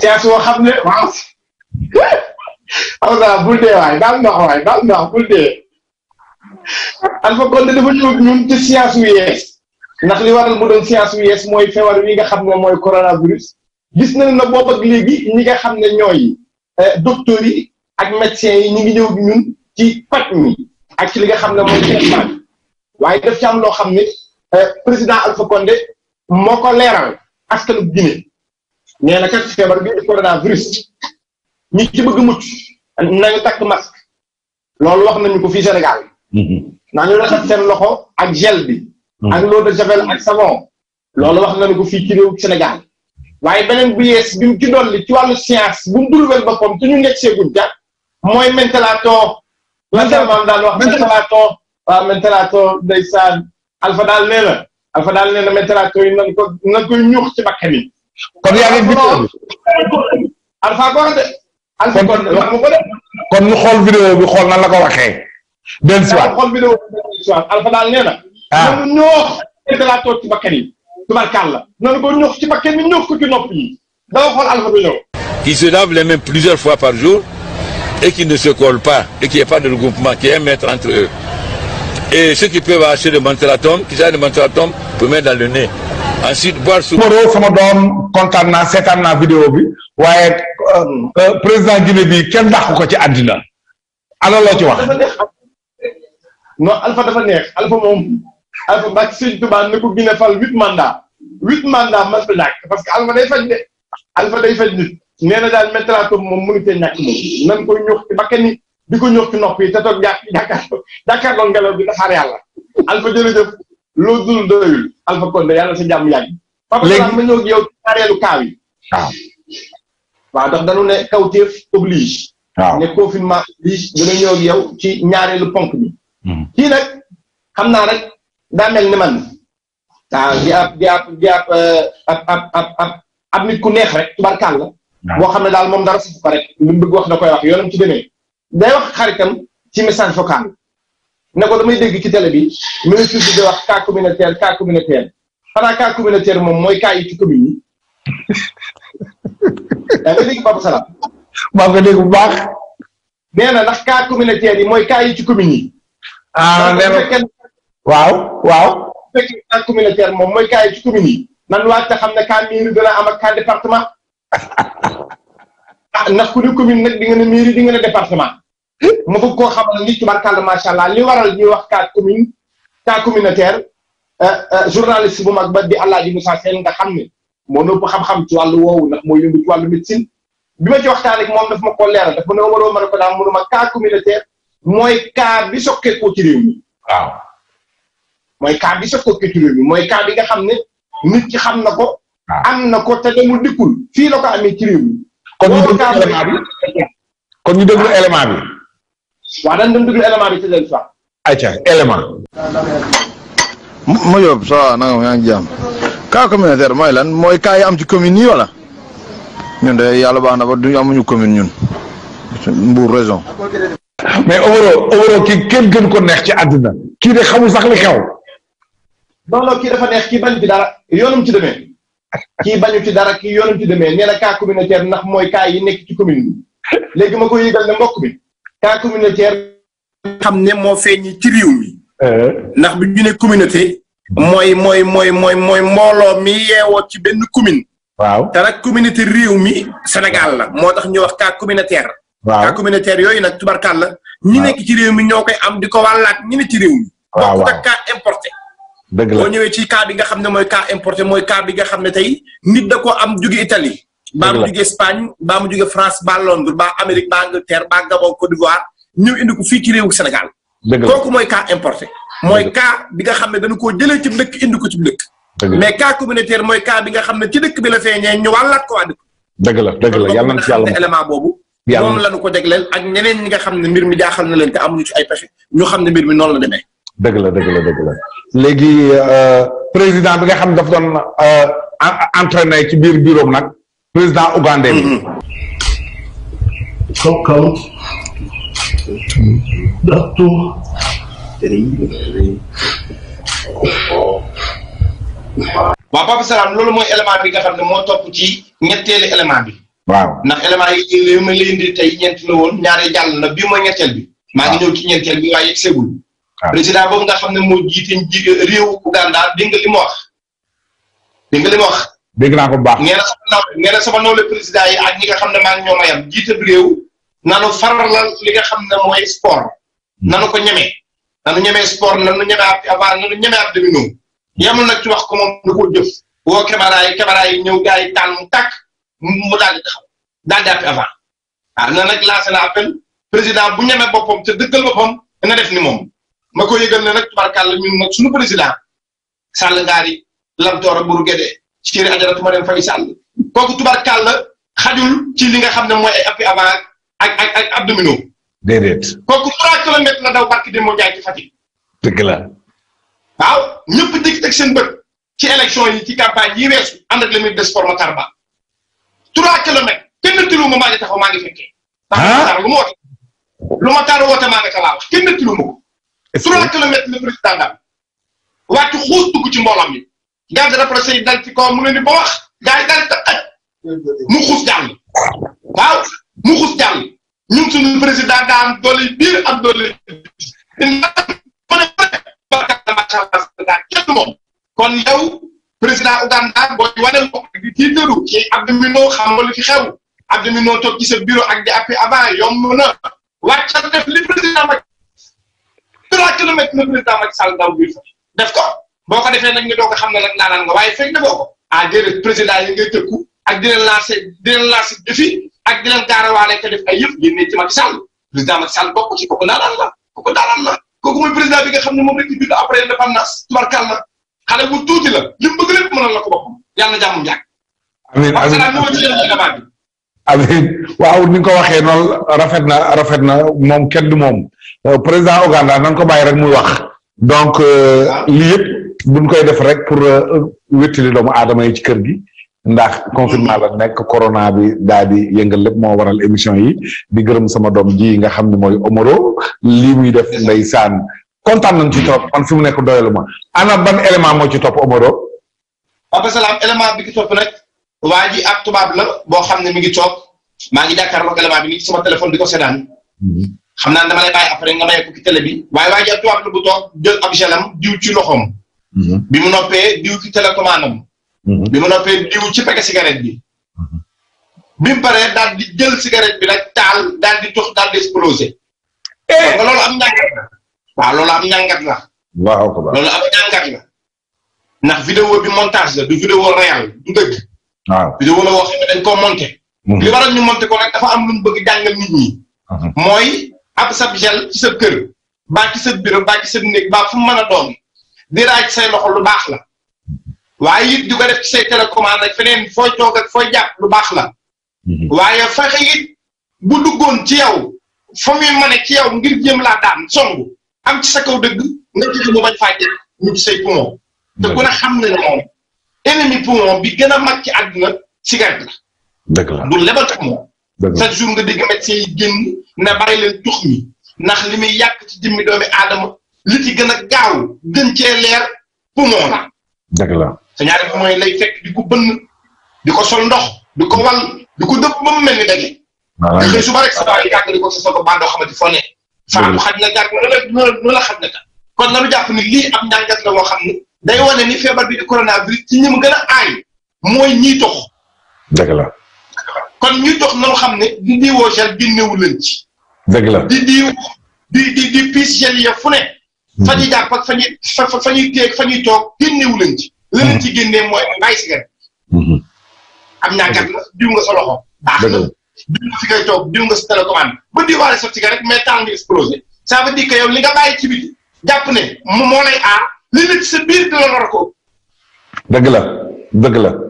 S1: caas boo xam ne waaw xaw naa bul dee waay baal ndox waay baal science wu li waral mu doon science wu yees mooy feebar wi nga xam ne mooy coronavirus gis nañ na boobu ak léegi ñi nga xam ne ñooy eh, docteurs yi ak médecins yi ñu ngi ñëw ñun ci paj mi ak ci li nga xam ne mooy waaye daf ci loo xam ne eh, président Alpha Condé moo ko leeral askanu Guinée nee na feebar bii di coronavirus ni ci bëgg mucc nañu takk masque loolu wax nañu ko fii Sénégal. Mhm. nañu raxas seen loxo ak gel bi. Mhm. ak l'eau de javel ak savon. loolu wax nañu ko fii ci réew Sénégal. waaye beneen bu yees bi mu ci dolli ci wàllu science bu mu durweel boppam te ñu nekk seeguñ ja mooy mentalaatoo. mentalaatoo daal wax mentalaatoo. waaw mentalaatoo ndeysaan alfa daal nee na alfa daal nee na mentalaatoo yi nan ko nan koy ñuux ci bakkan yi kon yaa ngi vidéo alpha ko de alpha kon kon ñu xool vidéo bi xool nan la ko waxee del siwaat xool vidéo bi alpha daal nee na ah. noonu ñoox dalaa toog ci bakkan yi tubarkàlla noonu ko ñoox ci bakkan bi ñoox ko ci nopp yi dama xool alpha bi ñëw qui se lave les mains plusieurs fois par jour et qui ne se colle pas et qui n'y ait pas de regroupement qui est un mètre entre eux et ceux qui peuvent acheter de mentolatum qui aient de mentolatum pour mettre dans le nez ensuite boire su. Moro sama doom kontaan naa seetaan naa vidéo bi waaye euh, euh, président Guinée bi kenn dàqu ko ci àddina alors loo ci wax. non Alpha dafa neex Alpha moom Alpha Mbacke Sëñ Touba ne ko Guinée fal huit mandats huit mandats man fi ñàkk parce que Alpha day faj de Alpha day faj nit nee na daal métratum moom mënu cee ñàkk moom nan koy ñox ci bakkan di ko ñox ci nopp yi te toog jàkkaarloo jàkkaarloo ngelaw bi dafa xaar yàlla Alpha jërëjëf. lool dul doyul Alpha Condé yàlla sa jàmm yàgg. léegi papa ma ñëw yow ñaareelu kaaw yi. waaw. waaw ne kawteef oblige. waaw ne confinement oblige dana ñëw yow ci ñaareelu ponk bi. Hmm. kii nag xam naa rek daa mel ni man. waaw di ab di ab euh, ab ab ab ab ku neex rek tubarkaal la. boo xam ne daal moom dara safu ko rek. lu mu bëgg wax da koy wax yoonam ci demee. day wax xaritam ci message vocal. ne ko damay dégg ci télé bi ministre bi di wax cas communautaire cas communautaire moom mooy cas yi ci commune nga dégg bu baax. nee na ndax cas communautaire mooy cas ci commune yi. ah nee waaw waaw. bu fekkee communautaire moom mooy cas yi ci commune yi. nan waaj te xam ne cas mairie dana am ak cas département. ah ku ne commune nag di nga ne mairie di nga département. ma bëgg koo xamal ni tubarkàlla macha allah li waral ñuy wax cas commune cas communautaire euh, euh, journaliste bu mag ba di El Hadj Moussa Sène nga xam ne moo nëpp xam-xam ci wàllu woowu ndax moo yëngu ci wàllu médecine bi ma ci waxtaan ak moom daf ma ko leeral daf ma ne waroo ma ne ko daal mënuma cas communautaire mooy cas bi sokkeekoo ci bi mooy cas bi nga xam ne nit ki xam na ko am na ko te demul dikkul fii la ko amee ci kon ñu déglu élément élément bi waaw dañ dem déglu élément bi ci leen soit. ayca ma yóbbu ça va nanga mooy lan mooy yi am ci commune yi wala ñun de yàlla baax na ba du amuñu commune ñun Mbour région. mais Omaro Omaro kii kenn gën ko neex ci àddina kii de xamul sax li xew. non non kii dafa neex kii bañ ci dara yoonum ci demee kii bañu ci dara kii yoonum ci demee nee na cas ndax mooy cas yi nekk ci commune bi léegi ma ko yëgal ne mbokk bi. cas communautaire. xam ne moo feeñ ci réew mi. Euh. ndax bi ñu ne communauté. mooy mooy mooy mooy mooy mbooloo mi yeewoo ci benn commune. waaw te nag communauté réew mi Sénégal la moo tax ñu wax cas communautaire. waaw cas communautaire yooyu nag tubarkalla. waaw ñi nekk ci réew mi ñoo koy am di ko wàllaat ñi nekk ci réew mi. waaw waaw donc importé. dëgg la ñëwee ci cas bi nga xam ne mooy cas importé mooy cas bi nga xam ne tey nit da ko am jóge Italie. mbaa mu jóge Espagne mbaa mu jóge France mbaa Londres mbaa Amérique mbaa Angleterre mbaa Gabon Côte d'Ivoire ñëw indi ko fii ci réewu Sénégal. kooku mooy ka importé. mooy ka bi nga xam ne dañu koo jëlee ci dëkk indi ko ci dëkk. mais ka communautaire mooy cas bi nga xam ne ci dëkk bi la feeñee ñu wàllaat ko waa dëkk.
S2: dëgg la dëgg la yàlla na ci
S1: la ñu ko jagleel ak ñeneen ñi nga xam ne mbir mi jaaxal na leen am amuñu ci ay pexe ñu xam ne mbir mi noonu la demee.
S2: dëgg la dëgg la dëgg la léegi euh, président bi nga xam daf doon euh, entraîné ci biir bureau nag président ougandais bi.
S1: kaw kaw. dato. loolu mooy élément bi nga xam ne moo topp ci ñetteelu élément bi. waaw ndax élément yi li ma la indi tey ñeent la woon ñaare jàll na bii mooy ñetteel bi. maa ngi ñëw ci ñeenteel bi waaye seegul. président boobu nga xam ne moo jiite réewu Ouganda dégg nga li mu dégg a ko bu baax. nee na sama président yi ak ñi xam ne maa ngi ñoo ma yam jiite réew nanu faralal li nga xam ne mooy sport. nanu ko ñemee nanu ñemee sport nanu ñemee a avant nanu ñemee ab demi ñëw. yamul ci wax ko moom du ko jëf. woo caméra yi caméra yi ñëw gars yi tànn tàkk mu daal di taxaw daal di ab avant. waaw ah, na nag lancé na appel président bu ñemee boppam te dëggal boppam na def ni moom ma ko yëgal ne nag tubarkàlla ñun nag suñu président Sall ngaari chéri ajaratu ma dem fay sàll kooku tubarkaal la xajul ci li nga xam ne mooy ay appui avant ak ak ak abdominaux. kooku trois kilomètres la daw barki de moo jaay ci Fatick. dëgg la. waaw ñëpp dikk teg seen bët ci élection yi ci campagne yi weesu ànd ak la muy des forma tarba trois kilomètres kenn tëluwuma maa ngi taxaw maa ngi fekkee. Ah? lu ma taar trois kilomètres le président xuus dugg ci mboolam yi. garde rapprochée yi dal ci kaw mu ne ni ba wax ta aj mu xuus jàll waaw mu jàll ñun président daa am doole biir am doole kenn moom kon yow président Ouganda booy waneel ko di tiitaru ci Abdou Mino xam nga lu fi xew Abdou Mino toog ci sa bureau ak di appui avant yomb na wàccal def li président Macky 3 kilomètres na président Macky Sall def ko boo ko defee nag ñu doog a xam ne nag naanaan nga waaye fekk na boo ah, président yi ngay tëkku ak di leen lancé di leen lancé défi ak di leen gaarawaale te def ay yëf yénne ci ko Sall président Macky Sall bokk ci kooku naanaan la kooku naanaan la kooku mooy président après indépendance tubarkalla xale bu tuuti la li mu bëgg lépp mënal na ko boppam yàlla na jàmmam yàgg
S2: amiin waaw ni nga ko waxee noonu rafet na rafet na moom kenn du moom euh, président Ouganda nan ko bàyyi rek muy wax donc euh, lii yëpp buñ koy def rek pour euh, wéttali doomu aadama yi ci kër gi ndax confinement la nekk corona bi daal di yëngal lépp moo waral émission yi di gërëm sama doom ji nga xam ne mooy omoro lii muy def ndeysaan kontaan nañ ci trop man fi mu nekk doyalu ma ana ban élément moo ci topp Omaro Papa
S1: Salam élément bi ki rek waa ji ak la boo xam ne mi ngi toog maa ngi élément bi sama téléphone di ko seddaan mm-hmm. xam naa dama lay bàyyi après nga may ko télé bi waaye waa ji ak tubaab bu toog jël ab gelam diw ci loxoom. Mhm. bi mu noppee diw ci télécommande am. Mhm. bi mu noppee diw ci paquet cigarette bi. Mhm. bi mu paree daal di jël cigarette bi rek taal daal di tux daal di explosé. Eh! nga loolu am njàngat la. waaw loolu am njàngat la. waaw loolu bi montage la du vidéo réel du dëgg. waaw vidéo la xam ne dañ koo monté. li waral ñu monté ko dafa am lu mu bëgg jàngal nit ñi. mooy. ab sab gel ci sa kër baa ci sa bureau baa ci sa néeg baa fu mu a doon di raaj say loxo lu baax la waaye it di ko def ci say télécommande ak feneen fooy toog ak fooy jàpp lu baax la mhm. waaye fexe it bu duggoon ci yow fa muy mane ci yow ngir jéem laa daan songu am ci sa kaw dëgg nga joxe mu bañ faa jël ñu ci say poumon te ku ne xam na ne moom ennemi poumon bi gën a mag ci àdduna cigarette la dëgg la du lebal ko moom chaque jour nga dégg médecin yi génn na bàyyi leen tux mi ndax li muy yàq ci jëmmi doomi aadama li ci gën a gaaw gën cee leer poumon la. dëgg la sa ñaari yi lay fekk di ko bënn di ko sol ndox di ko wal di ko dëpp ba mu mel ni daje. waaw xëy suba rek sa baa yi di ko sa soto baa doo xamante foo ne. faatu xaj na gàtt nu la xaj na ka kon nanu jàpp ni lii am njàngat la moo xam ni day wane ni feebar bi di coronavirus ci ñi mu gën a aay mooy ñiy tox. la. kon ñu dox loo xam ne di diwoo gel génnewu leen ci. dëgg la di diw di di di piis gel ya fu ne. Hmm. fa ñu jàpp ak fa ñuy fa fa ñuy teeg fa ñuy toog génnewu leen ci. la leen ci génnee mooy bàyyi sigaret. Hmm. am naa gàtt la diw nga sa loxo. baax na diw nga fi ngay toog diw nga sa télécommande ba diwaale sa sigaret mais temps nga explosé. ça veut dire li nga bàyyi ci biti jàpp ne moo lay aar li la ci sa biir dina lor ko.
S2: dëgg la la.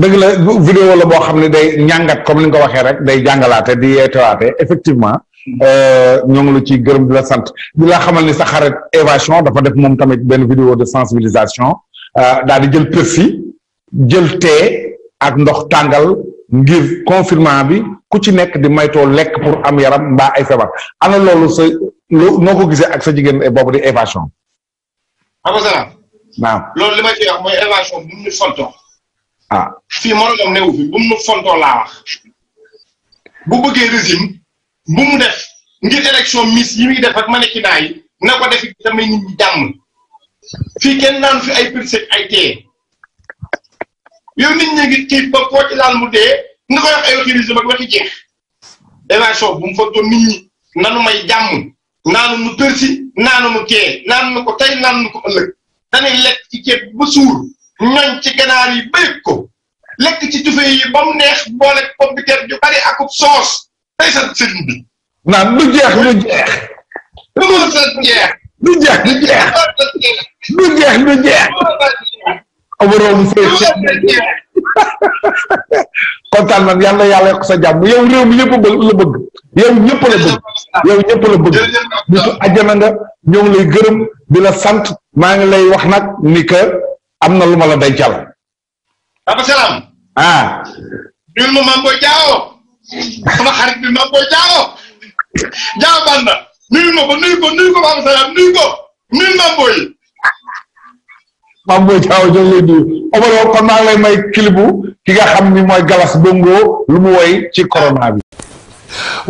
S2: dëgg la vidéo la boo xam ne day ñàngat comme ni nga ko waxee rek day jàngalaate di yeetewaate effectivement euh, ñoo ngi la ciy gërëm la sant di la xamal ne sax xarit évasion dafa def moom tamit benn vidéo de sensibilisation euh, daal di jël përsi jël tee ak ndox tàngal ngir confinement bi ku ci nekk di may maytoo lekk pour am yaram mbaa ay feebar ana loolu sa loo noo ko gisee ak sa jigéen boobu di évasion. am na
S1: loolu li ma ci wax mooy évasion bu ñu
S2: ah fii
S1: moromam newu fi bu nu fontoo laa bu bëggee régime bu mu def ngir élection miss yi muy def ak mannequinat yi na ko def damay nit ñi jàmm fii kenn naan fi ay pirseg ay téye yow nit ñi ngi tiit ba koo ci laal mu dee nga koy wax ay autorisé ba waxi jeex élection bu mu fontoon nit ñi nanu may jàmm naanu nu persi naanu nu tee naanu nu ko tey naanu nu ko ëllëg dañuy lekk ci ceeb ba suur ñoñ ci ganaar yi béy ci tufe ba mu neex boole pompiteer ju bari akub soos tey sa sëriñ bi naan du jeex du jeex du sa jeex du jeex du jeex du kontaan man yàlla yàlla yokk sa jàmm yow réew mi yëpp la bëgg yow ñëpp la bëgg yow ñëpp la bëgg nitu ajjana nga ñoo lay gërëm di la sant
S2: maa ngi lay wax nag ni que am na lu ma la dencal. Papa Salam. ah.
S1: ñun ma maa ngi koy jaawoo. sama xarit bi jaawoo. jaaw baax na nuyu ma ko nuyu jaawoo ñoo ngi
S2: lay nuyu Omaro may kilibu ki nga xam ni mooy Galas Bongo lu mu woy ci corona bi.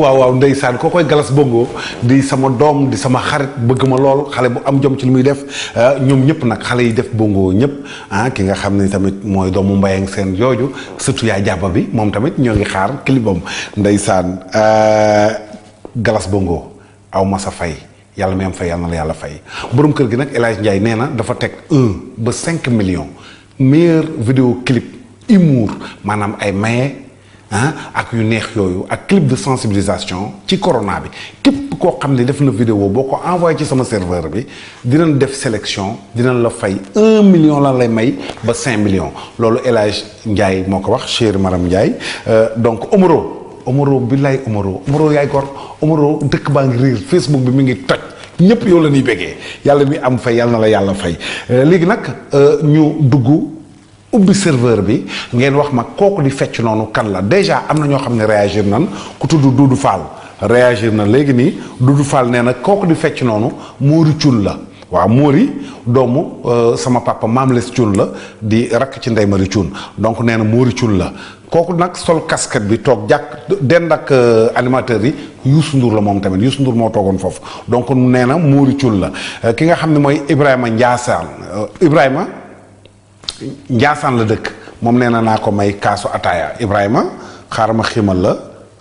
S2: waaw waaw ndeysaan koo koy galas bongo di sama doom di sama xarit bëgg ma lool xale bu am jom ci li muy def ah, ñoom ñëpp nag xale yi def bongo ñëpp ah ki nga xam ne tamit mooy doomu mbayang seen jooju surtout yaa jàppa bi moom tamit ñoo ngi xaar kilibam ndeysaan ah, galas bongo aw ma sa fay yàlla mi am fay yàlla na la yàlla fay borom kër gi nag El Hadj Ndiaye nee na dafa teg ba cinq million meilleur vidéo clip humour maanaam ay maye ah ak yu neex yooyu ak clip de sensibilisation ci corona bi képp koo xam ne def na vidéo boo ko envoyé ci sama serveur bi dinañ def sélection dinañ la fay un million lan lay may ba cinq million loolu El Hadj Ndiaye moo ko wax chère madame Ndiaye euh, donc Omaro Omaro bi lay Omaro Omaro yaay gor Omaro dëkk baa ngi riir Facebook bi mi ngi toj ñépp yow la ñuy bégee yàlla mi am fay yàlla na la yàlla fay euh, léegi nag euh, ñu dugg ubbi serveur bi ngeen wax mag kooku di fecc noonu kan la déjà am na ñoo xam ne réagir nan ku tudd Doudou faal réagir na léegi nii Doudou Fall nee na kooku di fecc noonu Mori Thioune la waaw Mori doomu euh, sama papa maam les Thioune la di rakk ci Ndeye Marie Thioune donc nee na Mori Thioune la kooku nag sol kasket bi toog jàkk dend ak euh, animateurs yi Youssou nduur la moom tamit Youssou Ndour moo toogoon foofu donc nee na Mori Thioune la euh, ki nga xam ne mooy Ibrahima Ndiassane Ibrahima Njaasaan la dëkk moom nee na naa ko may kaasu ataaya Ibrahima xaaral ma xiimal la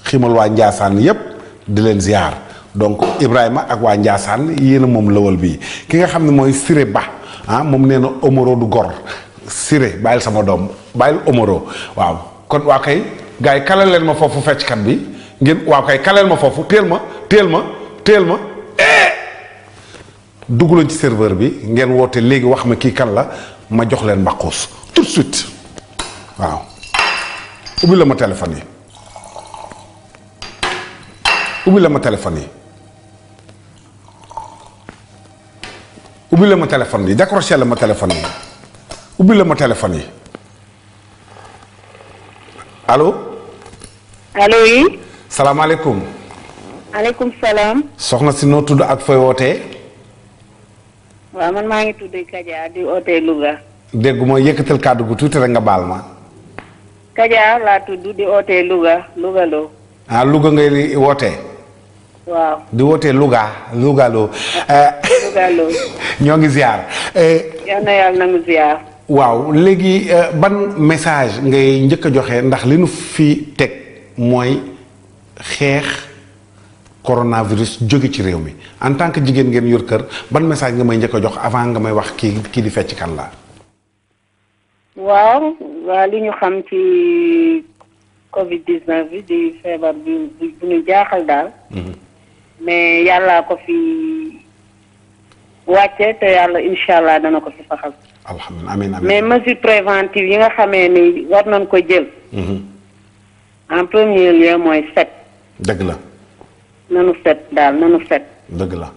S2: xiimal waa Njaasaan yépp di leen ziar donc Ibrahima ak waa Njaasaan yéen a moom lëwal bii ki nga xam ne mooy Siré Ba ah moom nee na Omoro du gor Siré bàyyil sama doom bàyyil Omoro waaw kon waa kay gars yi kalal leen ma foofu fecckat bi ngeen waa kay kalal ma foofu ma teel ma teel ma. dugg leen ci serveur bi ngeen woote léegi wax ma kii kan la ma jox leen mbaqus tout suite waaw ubbi la ma téléphone yi ubbi la ma téléphone yi ubbi la ma téléphone yi décroché la ma téléphone yi ubbi la ma téléphone yi allo. allo yi. salaamaaleykum.
S6: maaleykum salaam.
S2: soxna si noo tudd ak fooy wootee.
S6: waaw man maa ngi
S5: tudd Kaja di oote Louga.
S2: déggu ma yëkkatal kàddu gu tuuti rek nga baal ma.
S5: Kaja laa tudd di oote Louga Louga loo.
S2: ah di wootee Louga Louga ah, eh, ñoo ngi ziar. Eh,
S5: yal na yàlla nangu ziar.
S2: waaw léegi eh, ban message ngay njëkk a joxe ndax li nu fi teg mooy xeex. coronavirus jóge ci réew mi en tant que jigéen ngeen yor kër ban message nga may njëkk jox avant nga may wax kii kii di fecc kan la.
S5: waaw waa li ñu xam ci Covid 19 bi di feebar bi bu ñu jaaxal daal. Mhm. mais yàlla ko fi wàcce te yàlla incha allah dana ko fi faxal. alhamdulilah amiin amiin mais mesure préventive yi nga xamee ni war nañ ko jël. Mhm. en premier lieu mooy set. dëgg la. nanu set daal nanu set. dëgg la.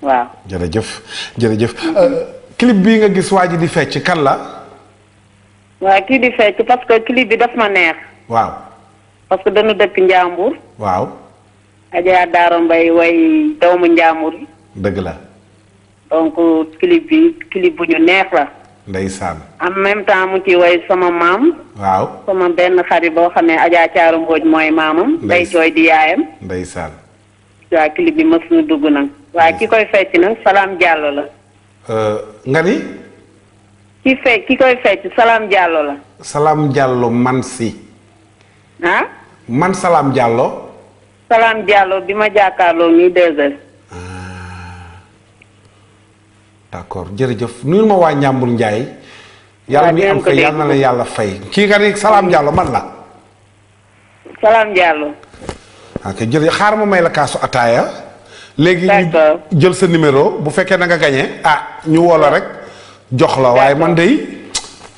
S5: waaw
S2: jërëjëf jërëjëf. Mm-hmm. Euh, clip bii nga gis waa ji di fecc kan la.
S5: waaw kii di fecc parce que clip bi daf ma neex. waaw. parce que dañu dëkk Njàmbur. waaw. Adja Daaro Mbay way doomu Njàmbur dëgg la. donc clip bi clip bu ñu neex la. ndeysaan. en même temps mu ci woy sama maam. waaw sama benn xarit boo xam ne Adja Caaru Mbooj mooy maamam. day jooy di yaayam. ndeysaan. waaw clip bi mës na dugg nag. waaye ki koy fecc nag Salam Diallo la.
S2: Euh, nga ni.
S5: ki fe ki koy fecc Salam Diallo la.
S2: Salam Diallo man si. ah. man Salam Diallo.
S5: Salam Diallo bi ma jàkkaarloo nii deux heures. Ah.
S2: d'accord jërëjëf nuyul ma waa Njàmbur Njaay. yàlla mi am ko yàlla na la yàlla fay. kii nga ni Salam Diallo man la.
S5: Salam Diallo.
S2: ok jël xaar ma may la kaasu léegi ñu jël sa numéro bu fekkee na nga gagné ah ñu woo rek jox la waaye man de.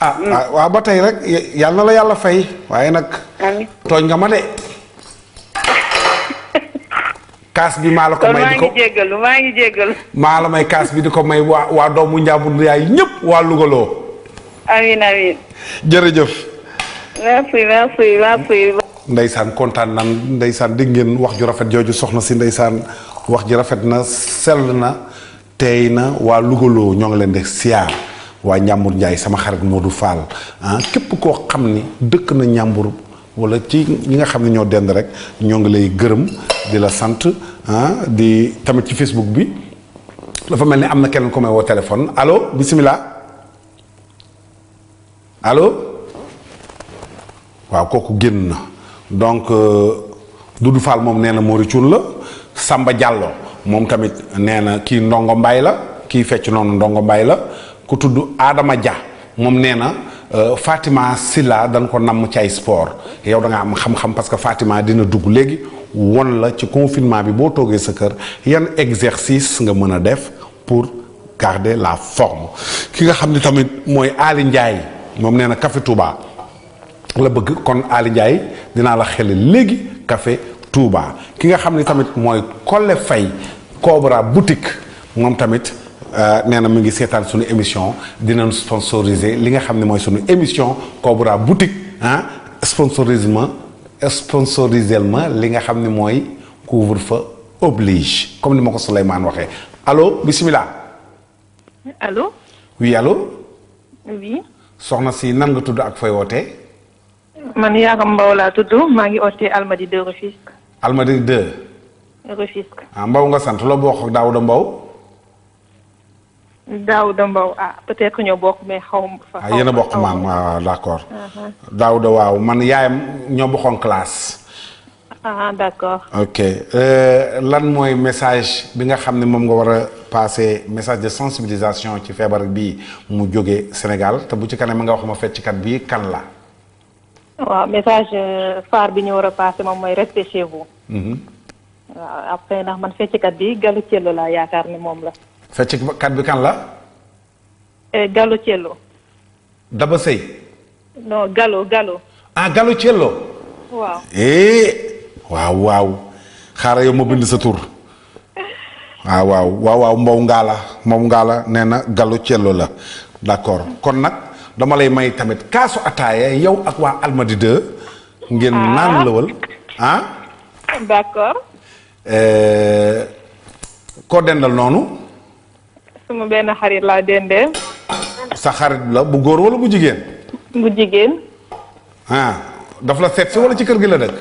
S2: Ah, mm. ah waaw ba tey rek yàlla na la yàlla fay waaye nag. tooñ nga ma de. kaas bi maa la ko may di ko maa la may kaas bi di ko may waa waa doomu njàmbur yaay ñëpp waa Lougaloo.
S5: amiin amiin. jërëjëf. merci merci merci.
S2: ndeysaan kontaan nan ndeysaan dégg ngeen wax ju rafet jooju soxna si ndeysaan wax ji rafet na sell na tey na waa lugaloo ñoo ngi leen de siyaar waa Njàmbur Njaay sama xarit moo du ah képp koo xam ni dëkk na Njàmbur wala ci ñi nga xam ne ñoo dend rek ñoo ngi lay gërëm di la sant ah di tamit ci Facebook bi dafa mel ni am na keneen ko may woo téléphone allo bisimilah allo waaw kooku génn na. donc euh, Doudou Fall moom nee na Mori Thioune la Samba Diallo moom tamit nee na kii Ndongo Mbaye la kii fecc noonu Ndongo Mbaye la ku tudd Adama Dia moom nee na euh, Fatima Silla dañ ko namm ci ay sport yow da nga am xam-xam parce que Fatima dina dugg léegi won la ci confinement bi boo toogee sa kër yan exercice nga mën a def pour garder la forme ki nga xam ni tamit mooy Ali Ndiaye moom nee na Café la bëgg kon Ali dinaa la xele léegi café Touba ki nga xam ni tamit mooy Kole fay Cobra boutique moom tamit euh, nee na mu ngi seetaan suñu émission dina sponsoriser li nga xam ne mooy suñu émission Cobra boutique ah sponsorisme sponsorisel ma li nga xam ni mooy couvre fa oblige comme ni ma ko Souleymane waxee allo bisimilah. allo. oui allo. soxna si nan nga tudd ak fay wootee.
S5: man Yaram mbaw laa tudd maa ngi ootee Almadi 2 Rufisque.
S2: Almadi 2. Rufisque. ah Mbow nga sant loo bokk ak mbaw Mbow.
S5: Daouda Mbow ah peut-être ñoo bokk mais xaw ma fa.
S2: maam ah, waaw ah, d'accord. Uh-huh. Daouda waaw man yaayam ñoo bokkoon classe. ah ok euh, lan mooy message bi nga xam ne moom nga war a passer message de sensibilisation ci feebar bi mu jógee Sénégal te bu ci kanam nga wax ma fecckat bi kan la.
S5: waaw message euh, phare bi ñu war a passé moom mooy restez chez mhm. waaw après ndax man fecckat bi Gallo Thiello laa yaakaar ni moom la.
S2: fecckat bi kan la.
S5: Euh, Gallo Thiello. Daba Sey. non Gallo Gallo.
S2: ah Gallo Thiello. waaw. Eh, waaw waaw ma bind sa tur. waaw waaw waaw waaw Mbow Ngala Mbow Ngala nee na Gallo Thiello la d'accord kon nag. dama lay may tamit kaasu ataaya yow ak waa Almadi 2 ngeen ah. naan lawal ah. d'accord. Eh, koo dendal noonu.
S5: suma benn xarit laa dendee.
S2: sa xarit la bu góor wala bu jigéen.
S5: bu jigéen.
S2: ah daf la seet si wala ci kër gi la dëkk.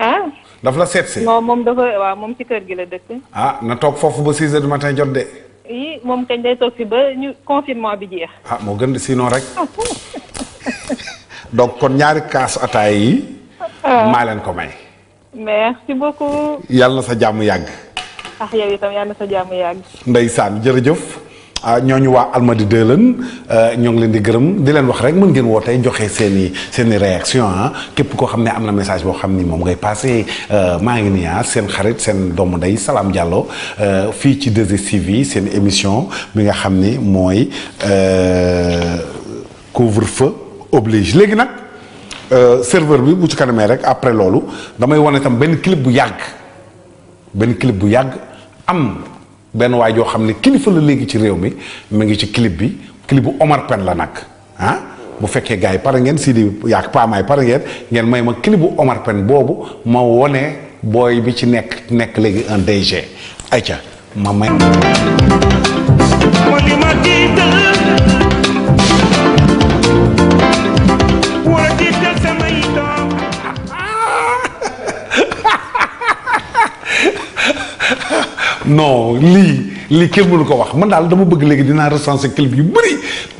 S2: ah. daf la seet si. moom
S5: moom dafa waaw moom ci kër gi la dëkk.
S2: ah na toog foofu ba 6 heures du matin jot de.
S5: yi moom kañ day toog fi ba ñu confinement bi jeex.
S2: ah moo gën di sinon rek ah, donc kon ñaari kaas ataay yi. Ah. maa leen ko may.
S5: merci beaucoup.
S2: yàlla na sa jàmm yàgg.
S5: ah yow itam yàlla sa jàmm yàgg.
S2: ndeysaan jërëjëf. Ah, ñooñu waa Almadies deux lan euh, ñoo ngi leen di gërëm di leen wax rek mën ngeen woo tey joxe seen i seen réaction ah. képp koo xam ne am na message boo xam ni moom ngay passé euh, maa ngi nii ah, seen xarit seen doomu ndey Salam Diallo euh, fii ci 2STV seen émission bi nga xam ni mooy couvre-feu oblige léegi nag serveur bi bu ci kanamee rek après loolu damay wane itam benn clip bu yàgg benn clip bu yàgg am. benn waay joo xam ne kilifa la léegi ci réew mi mu ngi ci clip bi clip bu Omar Pène la nag ah bu fekkee gars yi pare ngeen Sidi yaak paamaay pare ngeen ngeen may ma clip bu Omar Pène boobu ma wone booy bi ci nekk nekk léegi un DG ayca ma may non lii lii kenn mënu ko wax man daal dama bëgg léegi dinaa recenser clip yu bëri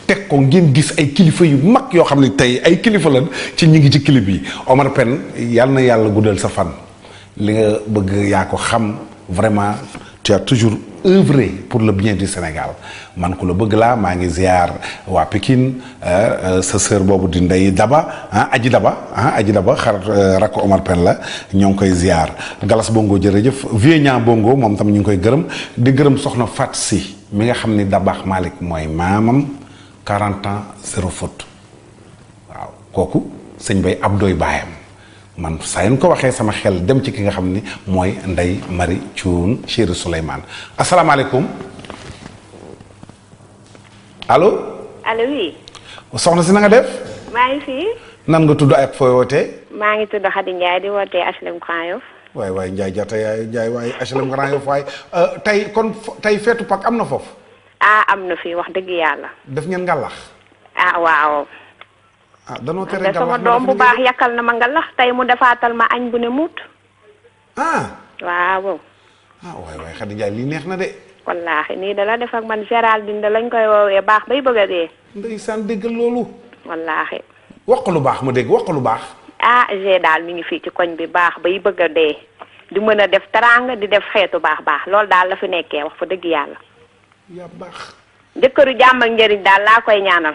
S2: teg ko ngeen gis ay kilifa yu mag yoo xam ne tey ay kilifa lan ci ñi ngi ci clip yi Omar Pène yal na yàlla guddal sa fan li nga bëgg yaa ko xam vraiment tu toujours œuvré pour le bien di Sénégal man ku la bëgg laa maa ngi ziar waa Pikine euh, euh, sa sœur boobu di Ndeye Daba ah Aji Daba ah Aji Daba xar euh, rakk Omar Pène la ñoo ngi koy ziar Galas Bongo jërëjëf vieux ñaa Bongo moom tam ñu ngi koy gërëm di gërëm soxna Fat Si mi nga xam ni Dabaax Malick mooy maamam quarante ans zéro faute waaw kooku sëñ bay Abdoy baayam man saa yéen ko waxee sama xel dem ci ki nga xam ni mooy Ndeye Marie Thioune Chéri Souleymane asalaamaaleykum alo allo oui. soxna si na nga def. maa ngi nan nga tudd ak fooy wootee.
S6: maa ngi tudd Khady Ndiaye di wootee HLM Grand Yoff.
S2: waay waay Ndiaye jata yaay Ndiaye waaye HLM Grand Yoff waay euh, tey kon tey feetu pak am na foofu.
S6: ah am na fi wax dëgg yàlla.
S2: def ngeen ngàllax.
S6: ah waaw.
S2: ah danoo tere nga sama doom bu baax
S6: yàkkal na ma nga lax tey mu defaatal ma añ bu ne muut. ah. waaw.
S2: ah waay waay Khady Ndiaye lii neex na de.
S6: wallaahi nii dala def ak man Géraldine da lañ koy woowee baax bay bëgg a dee. ndeysaan déggal loolu. wallaahi.
S2: wax lu baax ma dëgg wax lu baax.
S6: ah G daal mi ngi fii ci koñ bi baax bay bëgg a dee. di mën a def teraanga di def xeetu baax baax loolu daal la fi nekkee wax fa dëgg yàlla. yaa baax. jëkkëru jàmm ak njëriñ daal laa koy ñaanal.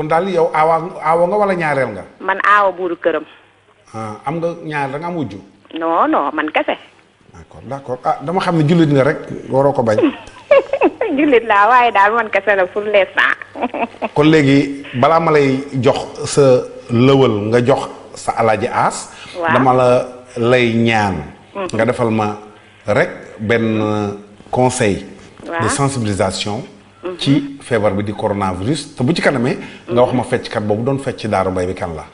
S2: kon daal yow aawa nga wala ñaareel nga.
S6: man aawa buuru këram.
S2: Ah, am nga ñaar da am wujju.
S6: non non man kese.
S2: d'accord d'accord ah dama xam ne jullit nga rek waroo ko bañ.
S6: jullit laa waaye daal man kese la pour l'instant.
S2: kon léegi balaa ma lay jox sa lëwal nga jox sa alaaji aas. dama la lay ñaan. Mm-hmm. nga defal ma rek benn conseil. de sensibilisation. ci feebar bi di coronavirus te bu ci kanamee. nga wax ma kat boobu doon fecc daaru mbay bi kan la.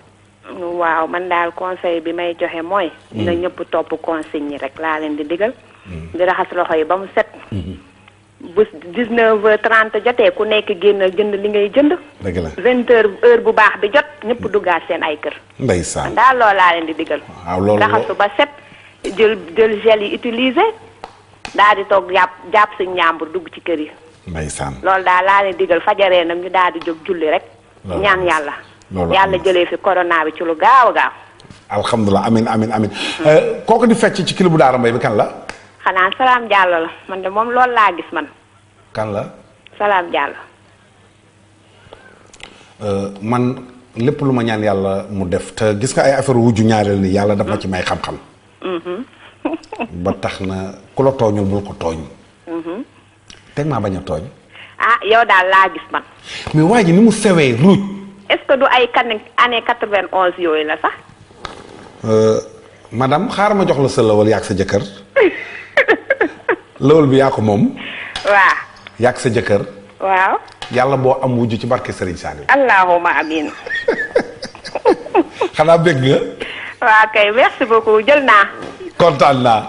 S6: waaw man daal conseil bi may joxe mooy. Hmm. na ñëpp topp consigne yi rek laa leen di digal. Hmm. di raxas loxo yi ba mu set. Hmm. bu 19 heures 30 jotee ku nekk génn jënd li ngay jënd. dëgg la 20 heures heure bu baax bi jot ñëpp duggaat seen ay kër.
S3: ndeysaan daal
S6: loolu laa leen di digal.
S1: waaw
S3: loolu raxasu
S6: ba set jël jël gel yi utilisé daal di toog jàpp jàpp si ñaambur dugg ci kër yi. ndeysaan loolu daal laa leen digal fajaree nag ñu daal di jóg julli rek. ñaan yàlla. yàlla jëlee fi corona bi ci lu gaaw a gaaw.
S2: alhamdulilah amin amin amin eh, kooku di fecc ci kilibu daara mbay bi kan la.
S6: xanaa salaam Diallo la man de moom loolu laa gis man. kan la. salaam Diallo.
S2: Eh, man lépp lu ma ñaan yàlla mu def te gis nga ay affaire wujju ñaareel ni yàlla daf ma ci may xam-xam. Mm-hmm. ba tax na ku la tooñul bul ko tooñ. Mm-hmm. teg maa bañ a tooñ.
S6: ah yow daal laa gis man.
S2: mais waa ji ni mu sewee ruuj.
S6: est-ce que du ay kan année quatre-vingt-onze yooyu la sax.
S2: Euh, madame xaar ma jox la sa lawal yaag sa jëkkër lawal bi yaa ko moom. waaw. yaag sa jëkkër. waaw. yàlla boo am wujj ci barke Serigne Saliou.
S6: allahumma amin.
S2: xanaa bëgg nga.
S6: waaw kay merci beaucoup jël naa.
S2: kontaan naa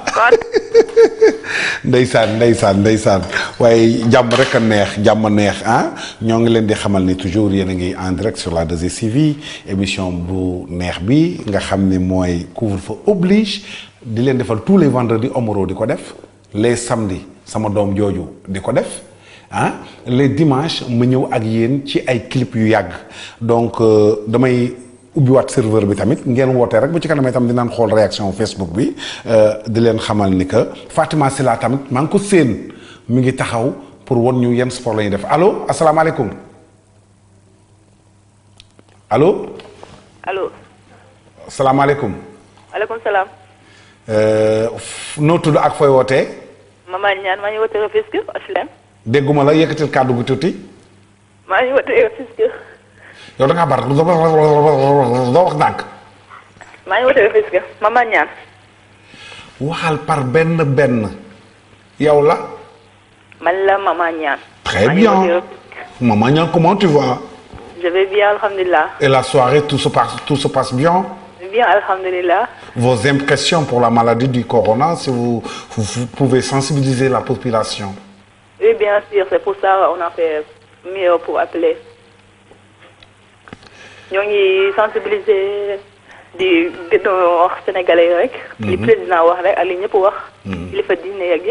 S2: ndeysaan ndeysaan ndeysaan waaye jàmm rek neex jàmm neex ah ñoo ngi leen di xamal ni toujours yéen a ngi en direct sur la 2STV émission bu neex bi nga xam ni mooy couvre-feu oblige di leen defal tous les vendredis Omaro di ko def les samedis sama doom jooju di ko def ah les dimanches ma ñëw ak yéen ci ay clip yu yàgg donc euh, damay ubbiwaat serveur bi tamit ngeen wootee rek bu ci kanam itam dinaan xool réaction Facebook bi euh, di leen xamal ni que Fatima Sila tamit maa ngi ko séen mi ngi taxaw pour won ñu yenn sport la ñuy def allo asalaamaaleykum allo. allo. asalaamaaleykum. maaleykum euh, wootee. dégguma la yëkkatil kàddu gu tuuti.
S5: maa ngi wootee Rufisque.
S2: yow da ngaa bar doo wax ndànk.
S5: maa ngi wootee Rufisque Mama Niane.
S2: waxal par benn benn. yow la.
S5: man la Mama Niane. très bien
S2: Mama Niane comment tu vas.
S5: je vais bien alhamdulilah.
S2: et la soirée tout se passe tout se passe bien.
S5: bien alhamdulilah.
S2: vos impressions pour la maladi du corona si vous vous, pouvez sensibiliser la population.
S5: oui bien sûr c'est pour ça on a fait mieux pour appeler. ñoo ngi sensibiliser di gën a wax sénégalais rek. li mhm. président wax rek ak li ñëpp wax. Mhm. li fa diine yeeg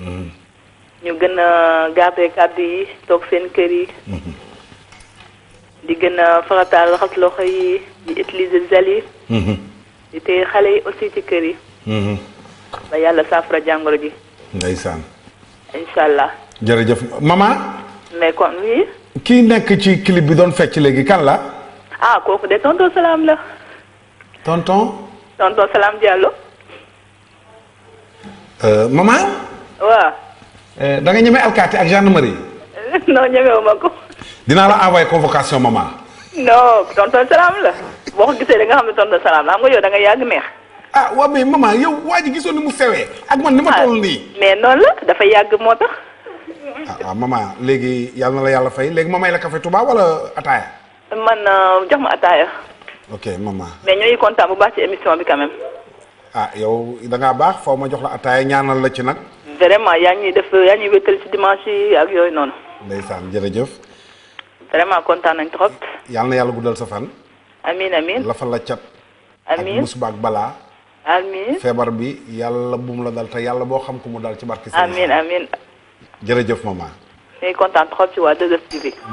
S5: mhm. ñu gën a garder kàddu yi toog seen kër yi. di gën a farataal raxas loxo yi di utiliser gel yi. xale yi aussi ci kër yi. ba yàlla saafara jàngoro ji. ndeysaan. incha allah.
S2: jërëjëf maman.
S5: mais kon oui.
S2: kii nekk ci clip bi doon fecc léegi kan la.
S5: ah kooku de tonton Salam la. tonton. tonton Salam Diallo. Euh, maman. waaw.
S2: Euh, da nga ñeme alkaati ak gendarmerie.
S5: non ñemewuma ko.
S2: dinaa la envoyé convocation maman.
S5: non tonton Salam la. boo ko gisee da nga xam ne tonton Salam la xam nga yow da yàgg neex. ah waa mais maman yow waa ji ni mu sewee. ak man ni ma nii. Ah, mais noonu la dafa yàgg moo tax.
S2: ah waaw ah, léegi yàlla na la yàlla fay léegi
S5: ma may la café Touba wala ataaya. man euh, jox ma ataaya. ok maman. mais ñooy kontaan bu baax ci émission bi quand
S2: ah yow danga baax foo ma jox la ataaya ñaanal la ci nag.
S5: vraiment yaa ngi def yaa ngi wéttal ci dimanche yi ak yooyu noonu.
S2: ndeysaan jërëjëf.
S5: vraiment kontaan nañ trop.
S2: yal na yàlla guddal sa fan.
S5: amiin lafal
S2: la cat. amiin ak musiba ak balaa.
S5: amiin feebar
S2: bi la bum la dal te yàlla boo xam ko
S5: mu daal ci barki. amiin amiin
S2: jërëjëf maman.
S5: ñu ngi kontaan trop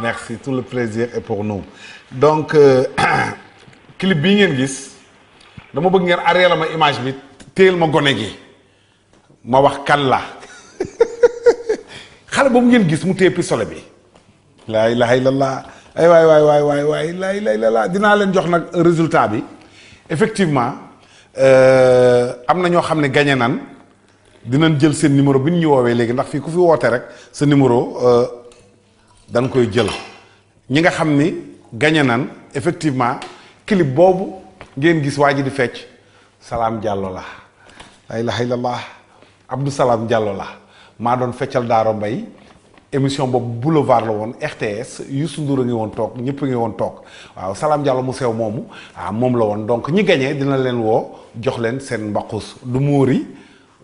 S2: merci tout le plaisir est pour nous donc euh, clip bii ngeen gis dama bëgg ngeen arrêté la image bi téel ma gone gi ma wax kan la xale boobu ngeen gis mu téye pistolet bi. laa ilaha illallah ay waay waay waay waay waay laa ilaha illallah dinaa leen jox nag résultat bi effectivement euh, am na ñoo xam ne gañe nan dinañ jël seen numéro bi ñu woowee léegi ndax fii ku fi woote rek sa numéro euh, dañ koy jël ñi nga xam ni gañe nan effectivement clip boobu ngeen gis waa ji di fecc salaam jàllo la la ilaha illallah Abdou Salam Diallo la maa doon feccal Daaro mbay émission boobu boulevard la woon RTS yu Ndour a ngi woon toog ñëpp ngi woon toog waaw salaam Diallo mu sew moomu ah moom la woon donc ñi gañee dina leen woo jox leen seen mbaqus du muuri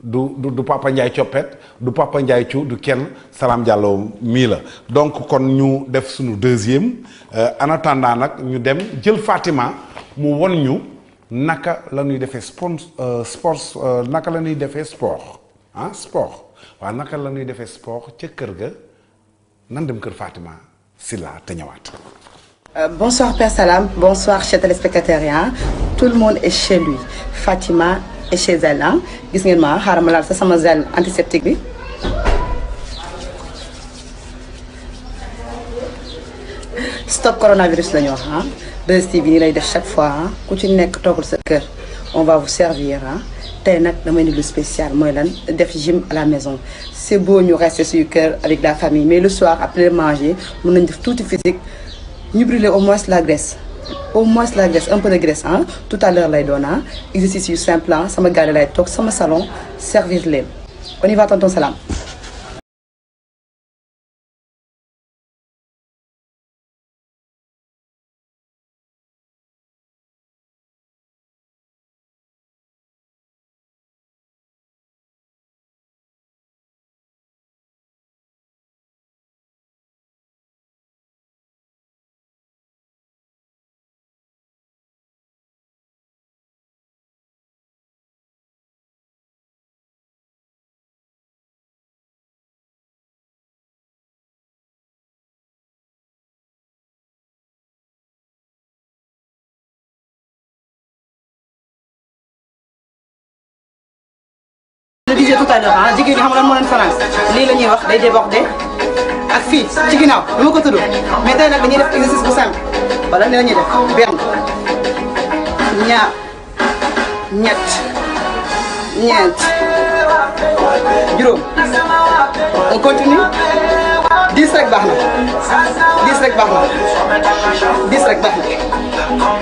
S2: du du Papa Ndiaye coppet du Papa Ndiaye cu du kenn Salam Diallo mii la donc kon ñu def suñu deuxième euh, en attendant nag ñu dem jël Fatima mu won ñu naka la ñuy defee spon euh, sport euh, naka la ñuy defee sport ah sport waaw naka la ñuy defee sport ca kër ga nan dem kër si Silla te ñëwaat.
S7: bonsoir Père Salam bonsoir chers téléspectateurs tout le monde est chez lui chez elle ah gis ngeen ma xaaral ma laal sa sama gel antiseptique bi. stop coronavirus la ñu wax ah 2STV lay def chaque fois ku ci nekk toogal sa kër on va vous servir ah tey nag damay ni lu spécial mooy lan def gym à la maison c'est beau ñu rester suñu kër avec la famille mais le soir après manger mën nañ def tuuti physique ñu brûler au moins la graisse. au moins la graisse un peu de graisse ah tout à l'heure lay doon ah exercice yu simple sama gaale lay toog sama salon servir leen on y va tonton Salam
S4: le disais tout à l'heure ah jigéen
S7: ñi xam nga lan moo leen France lii la ñuy wax day débordé ak fii ci ginnaaw nu ma ko tudd mais tey nag dañuy def exercice bu simple wala ne la ñuy def benn ñaar ñett ñeent juróom on continue dix rek baax na dix rek baax na dix rek baax na.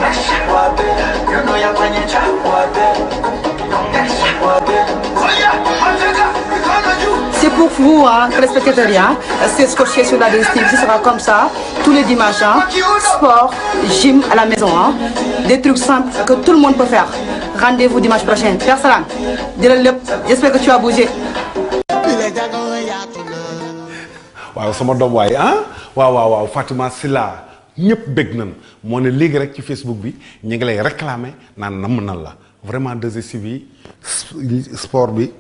S7: pour vous, hein, téléspectateurs, c'est scotché sur la DSTV, comme ça, tous les dimanches. Hein. gym à la maison, des trucs simples que tout le monde peut faire. Rendez-vous dimanche prochain. Personne, j'espère que tu as bougé.
S2: waaw sama doom waay waaw waaw waaw Fatima Silla ñëpp bëgg nañ moo ne léegi rek ci Facebook bi ñu ngi lay réclamer naan namm la vraiment 2STV bi sport bi.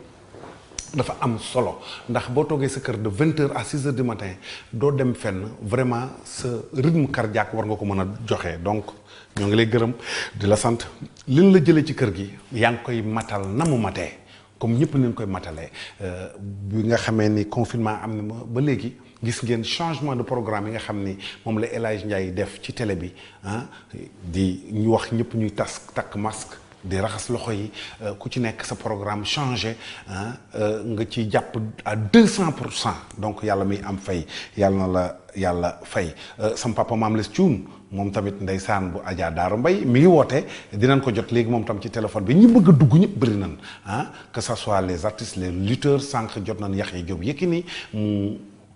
S2: dafa am solo ndax boo toogee sa kër de vingt heures à six heures du matin doo dem fenn vraiment sa rythme cardiaque war nga ko mën a joxe donc ñoo ngi lay gërëm di la sant liñ la jëlee ci kër gi yaa ngi koy matal na mu matee comme ñëpp nañ koy matalee euh, bi nga xamee ni confinement am na ba léegi gis ngeen changement de programme yi nga xam ni moom la El Hadj Ndiaye def ci télé bi ah di ñu wax ñëpp ñuy tas takk masque. di raxas loxo yi euh, ku ci nekk sa programme changé euh, nga ci jàpp a deux cent pour cent donc yàlla muy am fay yàlla na la yàlla fay euh, sam papa maam les cuun moom tamit saan bu Adja Daaro Mbay mi ngi woote dinañ ko jot léegi moom tam ci téléphone bi ñi bëgg dugg ñëpp bëri nan ah que ça soit les artistes les lutteurs sànq jot nañ yax yi jóob yëkki ni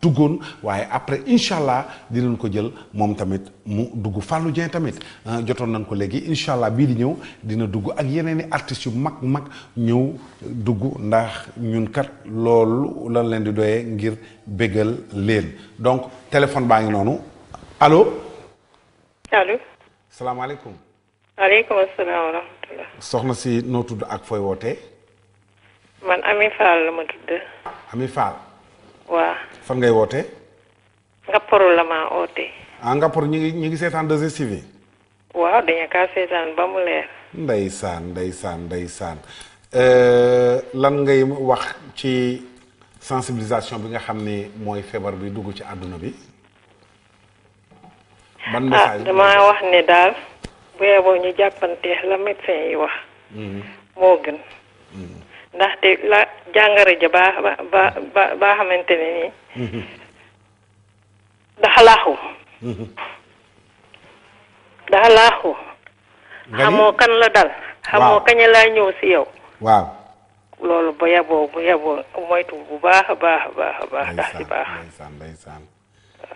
S2: duggoon waaye après incha allah dinañ ko jël moom tamit mu dugg Fallou Dieng tamit ah, jotoon nañ ko léegi incha allah bii di ñëw dina dugg ak yeneen i artistes yu mag mag ñëw dugg ndax ñunkat kat loolu lan leen di doyee ngir bégal leen donc téléphone baa ngi noonu allo. allo. salaamaaleykum.
S5: waaleykum salaam wa rahmatulah.
S2: soxna si noo tudd ak fooy wootee.
S5: man Ami Fall la ma tudd. Ami Fall. waaw.
S2: fan ngay wootee.
S5: Ngaparou la maa ootee.
S2: ah Ngaparou ñu ngi ñu ngi seetaan 2STV.
S5: waaw dañu kaa seetaan ba mu leer.
S2: ndeysaan ndeysaan ndeysaan euh, lan ngay wax ci sensibilisation bi nga xam ni mooy feebar bi dugg ci àdduna bi. ban
S1: ah, message damaa
S5: wax ne daal. bu yeboo ñu jàppante la médecin yi wax. Mm-hmm. moo gën. Mm-hmm. ndaxte la jàngare ja baa ba ba xamante ne nii daxa laaxu daxa laaxu xamoo kan la dal xamoo kañ laa ñëw si yow waaw loolu ba yaboo bu yaboo moytu bu baax a baax a baax a baax ndax si baax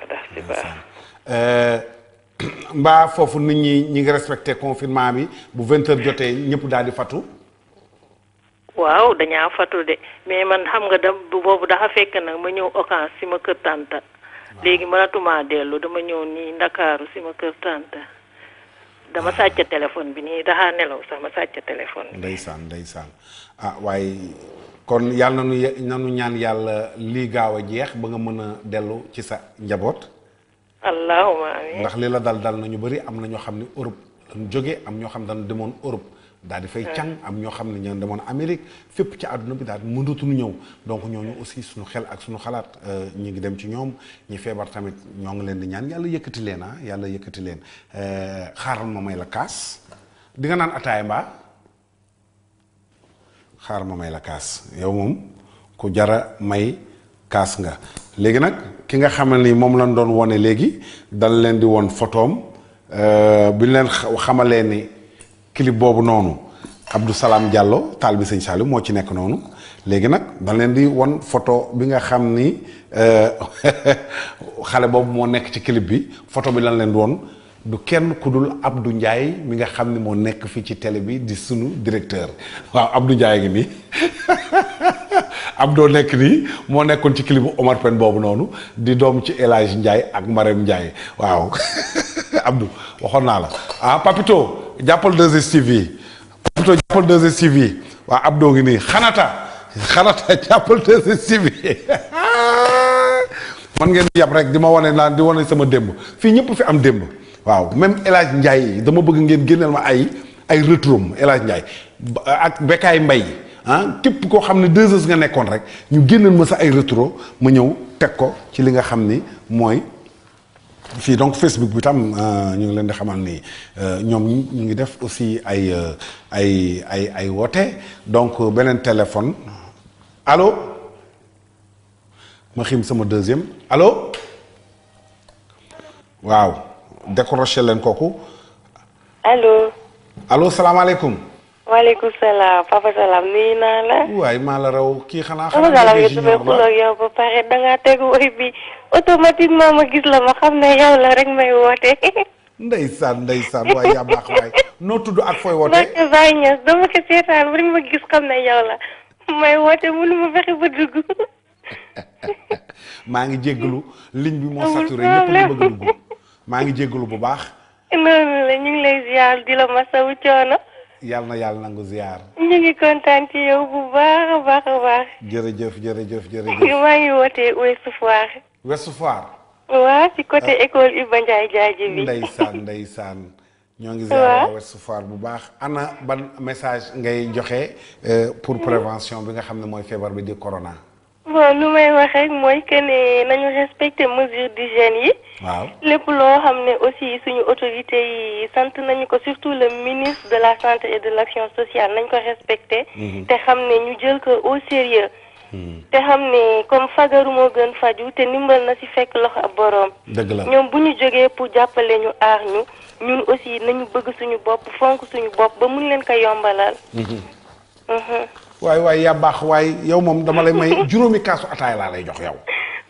S2: ndax si baax euh, mbaa foofu ni ñi ñi ngi respecté confinement bi bu vingt heures jotee ñëpp daal di fatu
S5: waaw dañaa fatu de mais man xam nga da boobu dafa fekk nag ma ñëw Ocass si ma kër tànta léegi mënatumaa dellu dama ñëw nii ndakaaru si ma kër tànta dama ah. sàcc téléphone bi nii daxaa nelaw sax ma sàcc téléphone
S2: bi ndeysaan ndeysaan ah waaye kon yàlla nanu nanu ñaan yàlla lii gaaw a jeex ba nga mën a dellu ci sa njaboot
S5: allahuma amiin ndax li la
S2: dal dal na ñu bari am na ñoo xam ne Europe lañ jóge am ñoo xam dañu demoon Europe daal di fay càng am ñoo xam ne ñoo demoon Amérique fépp ci àdduna bi daal mënatuñu ñëw donc ñooñu aussi suñu xel ak suñu xalaat euh, ñi ngi dem ci ñoom ñi feebar tamit ñoo ngi leen di ñaan yàlla yëkkati leen ah yàlla yëkkati leen euh, xaaral ma may la kaas di naan ataaya mbaa xaaral ma may la kaas yow moom ku jara may kaas nga léegi nag ki nga xam ne moom lañ doon wone léegi dal leen di won photoom euh, bi ñu leen xamalee ni clip boobu noonu abdu salaam jàlloo taal bi sëñ Saliou moo ci nekk noonu léegi nag da leen di won photo bi nga xam ni euh, xale boobu moo nekk ci clip bi photo bi lan leen di won du kenn ku dul Abdou njaay mi nga xam ni moo nekk fii ci télé bi di suñu directeur waaw Abdou Ndiaye ngi nii abdo nekk nii moo nekkoon ci clip Omar Pène boobu noonu di doom ci El Hadj Ndiaye ak Marème Ndiaye waaw Abdou waxoon naa la ah Papito jàppal 2STV yi Papito jàppal 2STV yi waaw Abdou ngi nii xanata xanata jàppal 2STV yi man ngeen yàpp rek di ma wane naan di wane sama démb fii ñëpp fi am démb waaw même El Hadj Ndiaye dama bëgg ngeen génneel ma ay ay retrom El Hadj ak Bekay mbay ah képp koo xam ne deux heures nga nekkoon rek ñu génnal ma sax ay retro ma ñëw teg ko ci li nga xam ni mooy fii donc Facebook bi tam euh, ñu ngi leen di xamal nii euh, ñoom ñu ngi def aussi ay euh, ay ay ay woote donc beneen téléphone allo ma xim sama deuxième allo waaw décroché leen kooku. allo. allo salaamaaleykum.
S5: waaleykum salaam papa salaam naa la. waay
S2: maa la raw kii xanaa. xam nga ngi si yow
S5: ba pare da ngaa tegu woy bi automatiquement ma gis la ma xam ne yow la rek may woote.
S2: ndeysaan ndeysaan waay yaa baax tudd ak fooy
S5: woote. gis xam ne ma fexe
S2: maa ngi jégalu ligne bi moo saturé ñëpp ñu maa ngi jégalu bu baax.
S5: noonu la ñu ngi lay di la masawu coono.
S2: yàlla na yàlla nangu ziar.
S5: ñu ngi kontaan ci yow bu baax a baax a baax.
S2: jërëjëf jërëjëf jërëjëf.
S5: maa ngi wootee Ouest Foire.
S2: Ouest Foire.
S5: waaw ci côté ah. école Iba Ndiaye Diadji bi. ndeysaan
S2: ndeysaan. ñoo ngi ziar Ouest Foire bu baax. ana ban message ngay joxe euh, pour hmm. prévention bi nga xam ne mooy feebar bi di corona.
S5: bon lu may wax rek mooy que ne nañu respecter mesure d'hygiène yi. lépp loo xam ne aussi suñu autorité yi sant nañu ko surtout le ministre de la santé et de l'action sociale nañ ko respecter. Mhm. te xam ne ñu jël ko au sérieux mhm. te xam ne comme fagaru moo gën faju te ndimbal na ci fekk loxo ab boroom. ñoom bu ñu jógee pour jàppale ñu aar ñu ñun aussi nañu bëgg suñu bopp fonk suñu bopp ba mun leen ko yombalal.
S2: Mhm. waaye waaye yaa baax waay yow moom dama lay may juróomi kaasu ataay laa lay jox yow.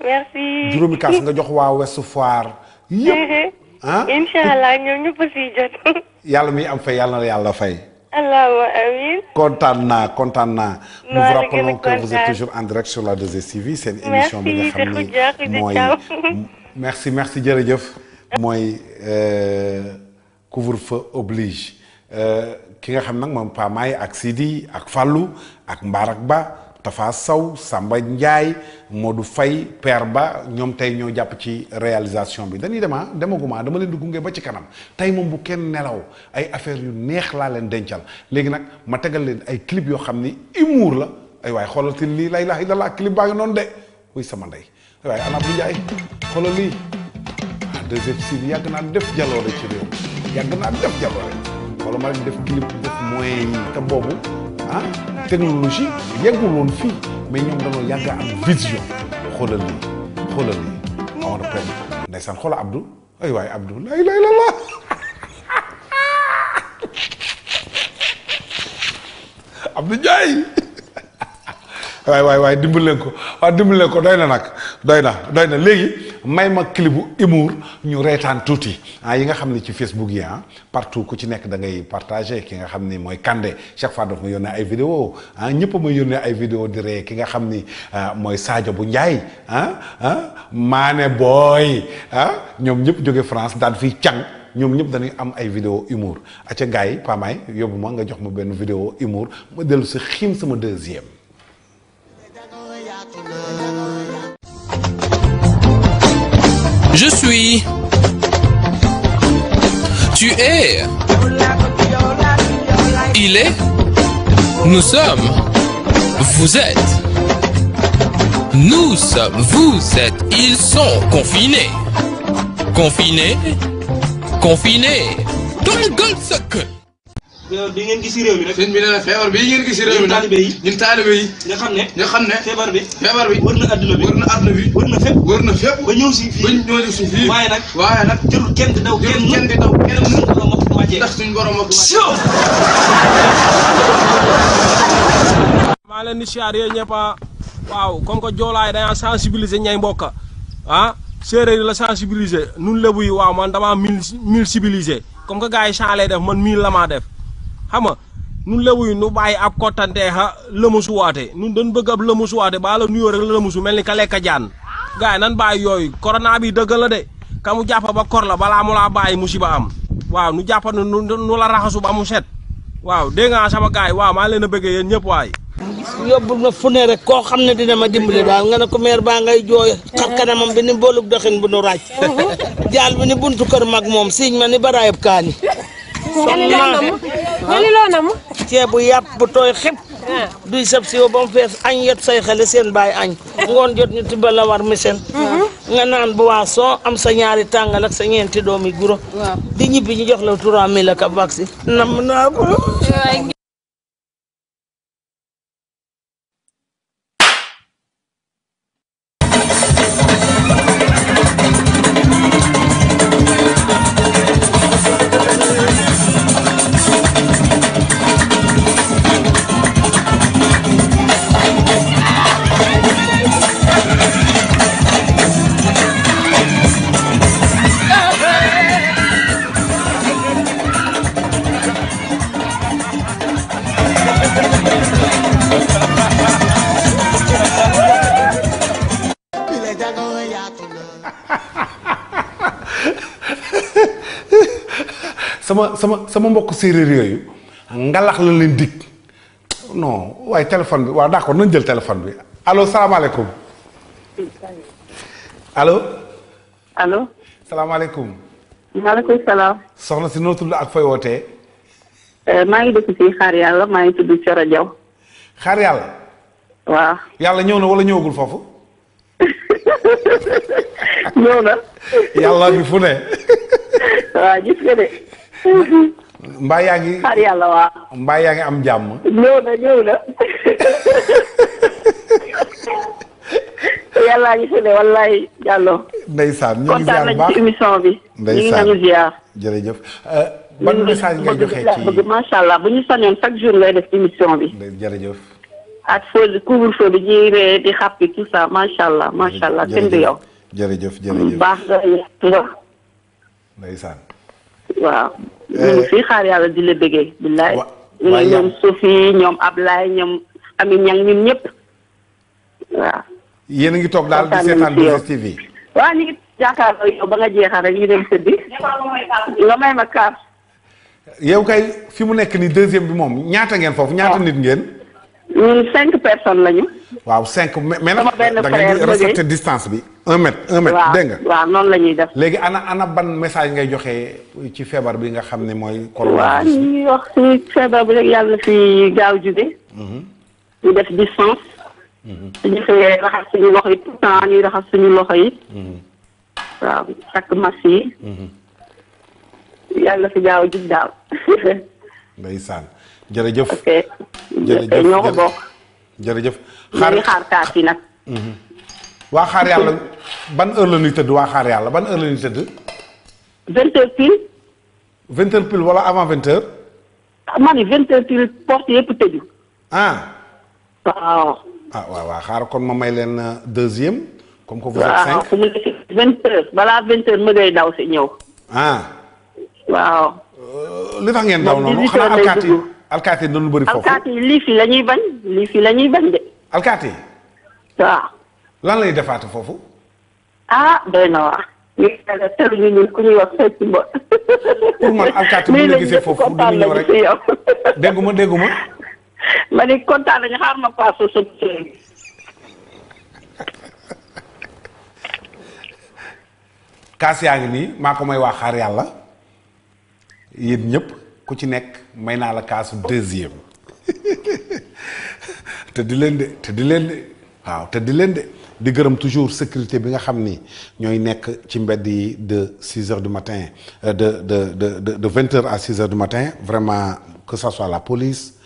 S5: merci juróomi kaas
S2: nga jox waa Ouest Foire.
S5: yëpp
S2: ah allah
S5: ñoom ñëpp si jot.
S2: yàlla mi am fay yàlla na yàlla fay. kontaan na kontaan na nous vous rappelons que vous êtes toujours en seen émission bi nga xam ni mooy merci merci jërëjëf. mooy euh, couvre-feu oblige. Euh, ki nga xam nag moom Pamaay ak Sidi ak Fallou ak mbaarak Ba Tafa Saw Samba Ndiaye du fay per Ba ñoom tey ñoo jàpp ci réalisation bi dañuy demaa ah, demaguma dama leen di gunge ba ci kanam tey moom bu kenn nelaw ay affaire yu neex laa leen dencal léegi nag ma tegal leen ay clip yoo xam ni humour la ay waay xoolati lii lay laa illallah clip baa ngi noonu de wuy sama ndey ay waay Anab Ndiaye xoolal lii ah yàgg naa def jaloore ci réew yàgg naa def jaloore wala ma leen def clip def moyens yi te boobu ah technologie fii mais ñoom dañoo yàgg am vision xoolal lii xoolal lii Omar Pène ndeysaan xoola Abdou ay waaye Abdou la ilaha illallah Abdou Ndiaye waay waay waay leen ko waaw dimbal ko doy na nag doy na doy na léegi may ma clip bu humour ñu reetaan tuuti ah yi nga xam ne ci Facebook yi ah partout ku ci nekk da ngay partagé ki nga xam ni mooy kande chaque fois daf ma yónnee ay vidéo ah ñëpp ma yónnee ay vidéo di ree ki nga xam ni ah, mooy Sadio bu Ndiaye ah ah Mané Boy ah, ñoom ñëpp jóge France daan fii càng ñoom ñëpp dañuy am ay vidéo humour aca gars yi pamaay yóbbu ma nga jox ma benn vidéo humour ma dellu si xiim sama deuxième
S5: Je suis. Tu es. Il est. Nous sommes. Vous êtes. Nous sommes. Vous êtes. Ils sont confinés. Confinés.
S1: Confinés. Dans le bi ngeen gis si réew mi rek sëñ bi nee na feebar bi ngeen gis si réew mi nag ñun taalibe yi nga xam ne nga xam ne feebar bi feebar bi wër na adduna bi wër na adduna bi wër na fépp wër na fépp ba ñëw si fii ba ñëw si fii waaye nag waaye nag jërul kenn di daw kenn kenn di daw kenn suñu borom moo ko wàccee ndax suñu borom moo ko wàccee maa leen di siyaar yéen ñëpp ah. waaw comme que joolaay dañaa sensibiliser ñay mbokka ah séeréer yi la sensibiliser nun lébu yi waaw man damaa mil mil civilisé comme que gars yi chan lay def man mil la maa def xam nga nun lewuy nu bàyyi ab kottante xa lëmusuwaate nun dañ bëgg ab lëmusuwaate baa la nuyoo rek la lëmusu mel ni ka lekk jaan gars nan bàyyi yooyu corona bii dëgg la de ka mu jàpp ba kor la balaa mu laa bàyyi musiba am waaw nu jàpp nu nu la raxasu ba mu set waaw dégg
S5: nga sama gars yi waaw maa leen a bëggee yéen ñëpp waay yóbbu na fu ne rek koo xam ne dina ma dimbali daal nga ne ko meer baa ngay jooy xar kanamam bi ni mboolub doxin bu nu ràcc jaal bi ni moom siiñ ma ni baraayub kaani soxna ah. ceebu yàpp bu tooy xib ah. duy sab siwo ba mu fees añ yot say xale seen baay añ ngoon jot ñu tibbal la war michel mm-hmm. nga naan bu waa soo am sa ñaari tàngal sa ñeenti doomi guro di ñibbi ñu jox la 3000 ak vaccin nam naa ko
S2: sama sama mbokk séeréer yooyu ngalax lañ leen dig non waaye téléphone bi waaw d'accord nañ jël téléphone bi allo salaamaaleykum. allo. allo. salaamaaleykum.
S5: maaleykum salaam.
S2: soxna si noo tudd ak fooy wootee.
S5: Euh, maa ngi dëkk fii xaar yàlla maa ngi tudd Coro Jaw. xaar yàlla.
S2: waaw. yàlla ñëw na wala ñëwagul foofu. ñëw na. yàlla bi fu ne.
S5: waaw gis nga de. mbaa yaa ngi. yàlla waaw.
S2: mbaa yaa ngi am jàmm.
S5: ñëw na ñëw na. yàllaa ñu fi ne wallaay Diallo. ndeysaan ñu ngi ziar baax kontaan nañu ci émission bi. ndeysaan ñu ngi nañu ziar.
S2: jërëjëf. Euh,
S5: ban message ngay joxe ci bëgg macha allah bu ñu sañoon chaque jour lay def émission bi. jërëjëf. ak feu couvre-feu bi ñuy ree di xàppi tout ça macha allah macha allah yow.
S2: jërëjëf jërëjëf baax nga
S5: waaw. Eh. ñu fii xaar yàlla di la bëggee. billaay waay ñoom Sophie ñoom Ablaye ñoom Ami Ñang ñun ñëpp waaw.
S2: yéen a ngi toog daal di seetaan 2STV.
S5: waaw ñu ngi jàkkaarloo ba nga jeexal rek ñu dem sëddi. nga may ma kaar.
S2: yow kay fi mu nekk ni deuxième bi moom ñaata ngeen foofu ñaata nit ngeen. ñun cinq personnes lañu. waaw cinq mais nag da ngay respecter distance bi un mètre un mètre dégg nga waaw noonu la ñuy def léegi ana ana ban message ngay joxe ci feebar bi nga xam ne mooy coronavirus waaw
S5: ñuy wax suñu feebar bi rek yàlla fi gaaw jóge ñu mhm. def distance ñu mhm. fee raxas suñu loxo yi tout temps ñuy raxas suñu loxo yi mhm. waaw takk masque yi yàlla fi gaaw jóg daal
S2: ndeysaan jërëjëf jërëjëf ñoo ko bokk xaar
S6: ñu xaar kaas nag.
S2: Mm-hmm. waa xaar yàlla ban heure la ñuy tëdd waa xaar yàlla ban heure la ñuy tëdd. vingt heures pile. vingt heures wala avant vingt heures. Ah, ma ne vingt heures pile porte yëpp tëju. ah. waaw. ah waaw xaar kon ma may leen euh, deuxième. comme que vous
S5: êtes balaa vingt heures ma day daw si ñëw. ah. waaw.
S2: Euh, li tax ngeen daw noonu xanaa alkaati alkaati dañu bëri foofu alkaati
S5: lii fi la bañ lii fi la bañ de. alkaati yi. waaw.
S2: lan lay defaat foofu.
S5: ah doy na waar. lii dara tëluñu ñun ku ñuy wax fecc mbo. pour man alkaati bu ñu gisee foofu du ñu ñëw rek dégguma dégguma. ma ni kontaan nañu xaar ma paasu suñu séeréer.
S2: kaas yaa ngi nii maa ko may waa xaar yàlla yéen ñëpp ku ci nekk may naa la kaasu deuxième. te di leen de te di leen de waaw te di leen de di gërëm toujours sécurité bi nga xam ni ñooy nekk ci mbedd de 6 heures du matin euh, de de de de 20 heures à 6 heures du matin vraiment que ça soit la police.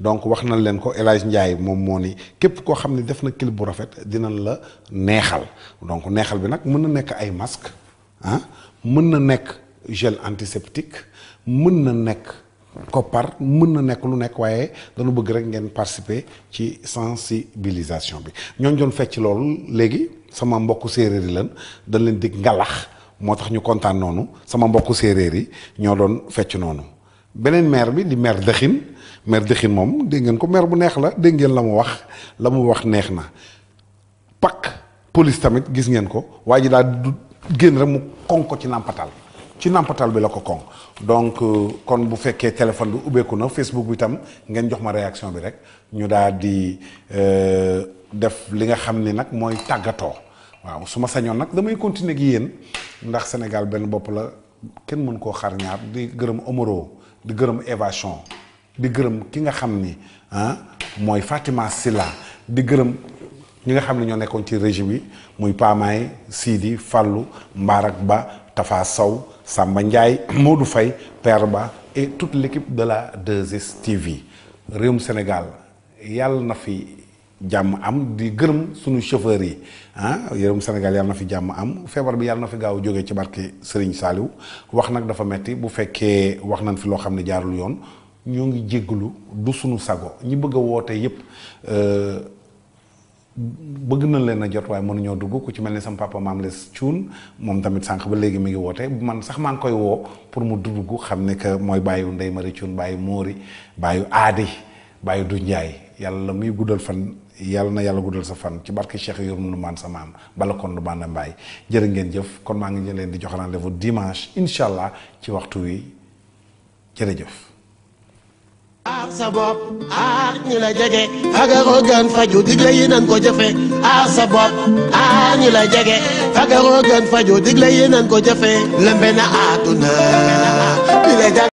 S2: donc wax nañ leen ko élage Hadj moom moo ni képp koo xam ne def na clip bu rafet dinañ la neexal donc neexal bi nag mën na nekk ay masque ah mën na nekk gel antiseptique mën na nekk koppar mën na nekk lu nekk waaye dañu bëgg rek ngeen participer ci sensibilisation bi ñooñ doon fecc loolu léegi sama mbokk séeréer yi lan dañ leen dig ngalax moo tax ñu kontaan noonu sama mbokku séeréer yi ñoo doon fecc noonu beneen maire bi di maire dëxin mer dëxin moom dégg ngeen ko mer bu neex la dégg la mu wax la mu wax neex na pak police tamit gis ngeen ko waaye ji daal du génn rek mu kon ko ci nàmpatal ci nàmpatal bi la ko kon donc euh, kon bu fekkee téléphone bi ubbeeku na Facebook bi tam ngeen jox ma réaction bi rek ñu daal di euh, def li nga xam ni nag mooy tàggatoo waaw su ma sañoon nag damay continuer gi yéen ndax Sénégal benn bopp la kenn mën koo xar ñaar di gërëm Omaro di gërëm Évasion di gërëm ki nga xam ni ah mooy Fatima Silla di gërëm ñi nga xam ne ñoo nekkoon ci région bi muy Paamaay Sidi Fallu Mbarak Ba Tafa Sow Samba Ndiaye Modou fay per Ba et toute l'équipe de la 2STV réewum Sénégal yàlla na fi jàmm am di gërëm sunu chauffeur yi ah réewum Sénégal yàlla na fi jàmm am feebar bi yàlla na fi gaaw jógee ci barke Serigne Saliou wax nag dafa metti bu fekkee wax nañ fi loo xam ne jaarul yoon ñoo ngi jéggalu du sunu sago ñi bëgg a woote yépp euh, bëgg na leen a jot waaye mënuñoo dugg ku ci mel ni sama papa maam les cuun moom tamit sànq ba léegi mi ngi woote man sax maa ngi koy woo pour mu dugg xam ne que mooy bàyyu ndey mari cuun bàyyu móori bàyyu aadi bàyyu du njaay yàlla muy guddal fan yàlla na yàlla guddal sa fan ci barke Cheikh Yoroum Loumane sa maam bala kon Loumane Mbaye jërë ngeen jëf kon maa ngi leen di jox rendez-vous dimanche incha allah ci waxtu wi jërëjëf.
S1: aar sa bopp aar ñi la jege fagaroo gën faju digle yi nan ko jëfe aar sa bopp aar
S5: ñi la jege fagaroo gën faju digle yi nan ko jëfe lëmbe na àdduna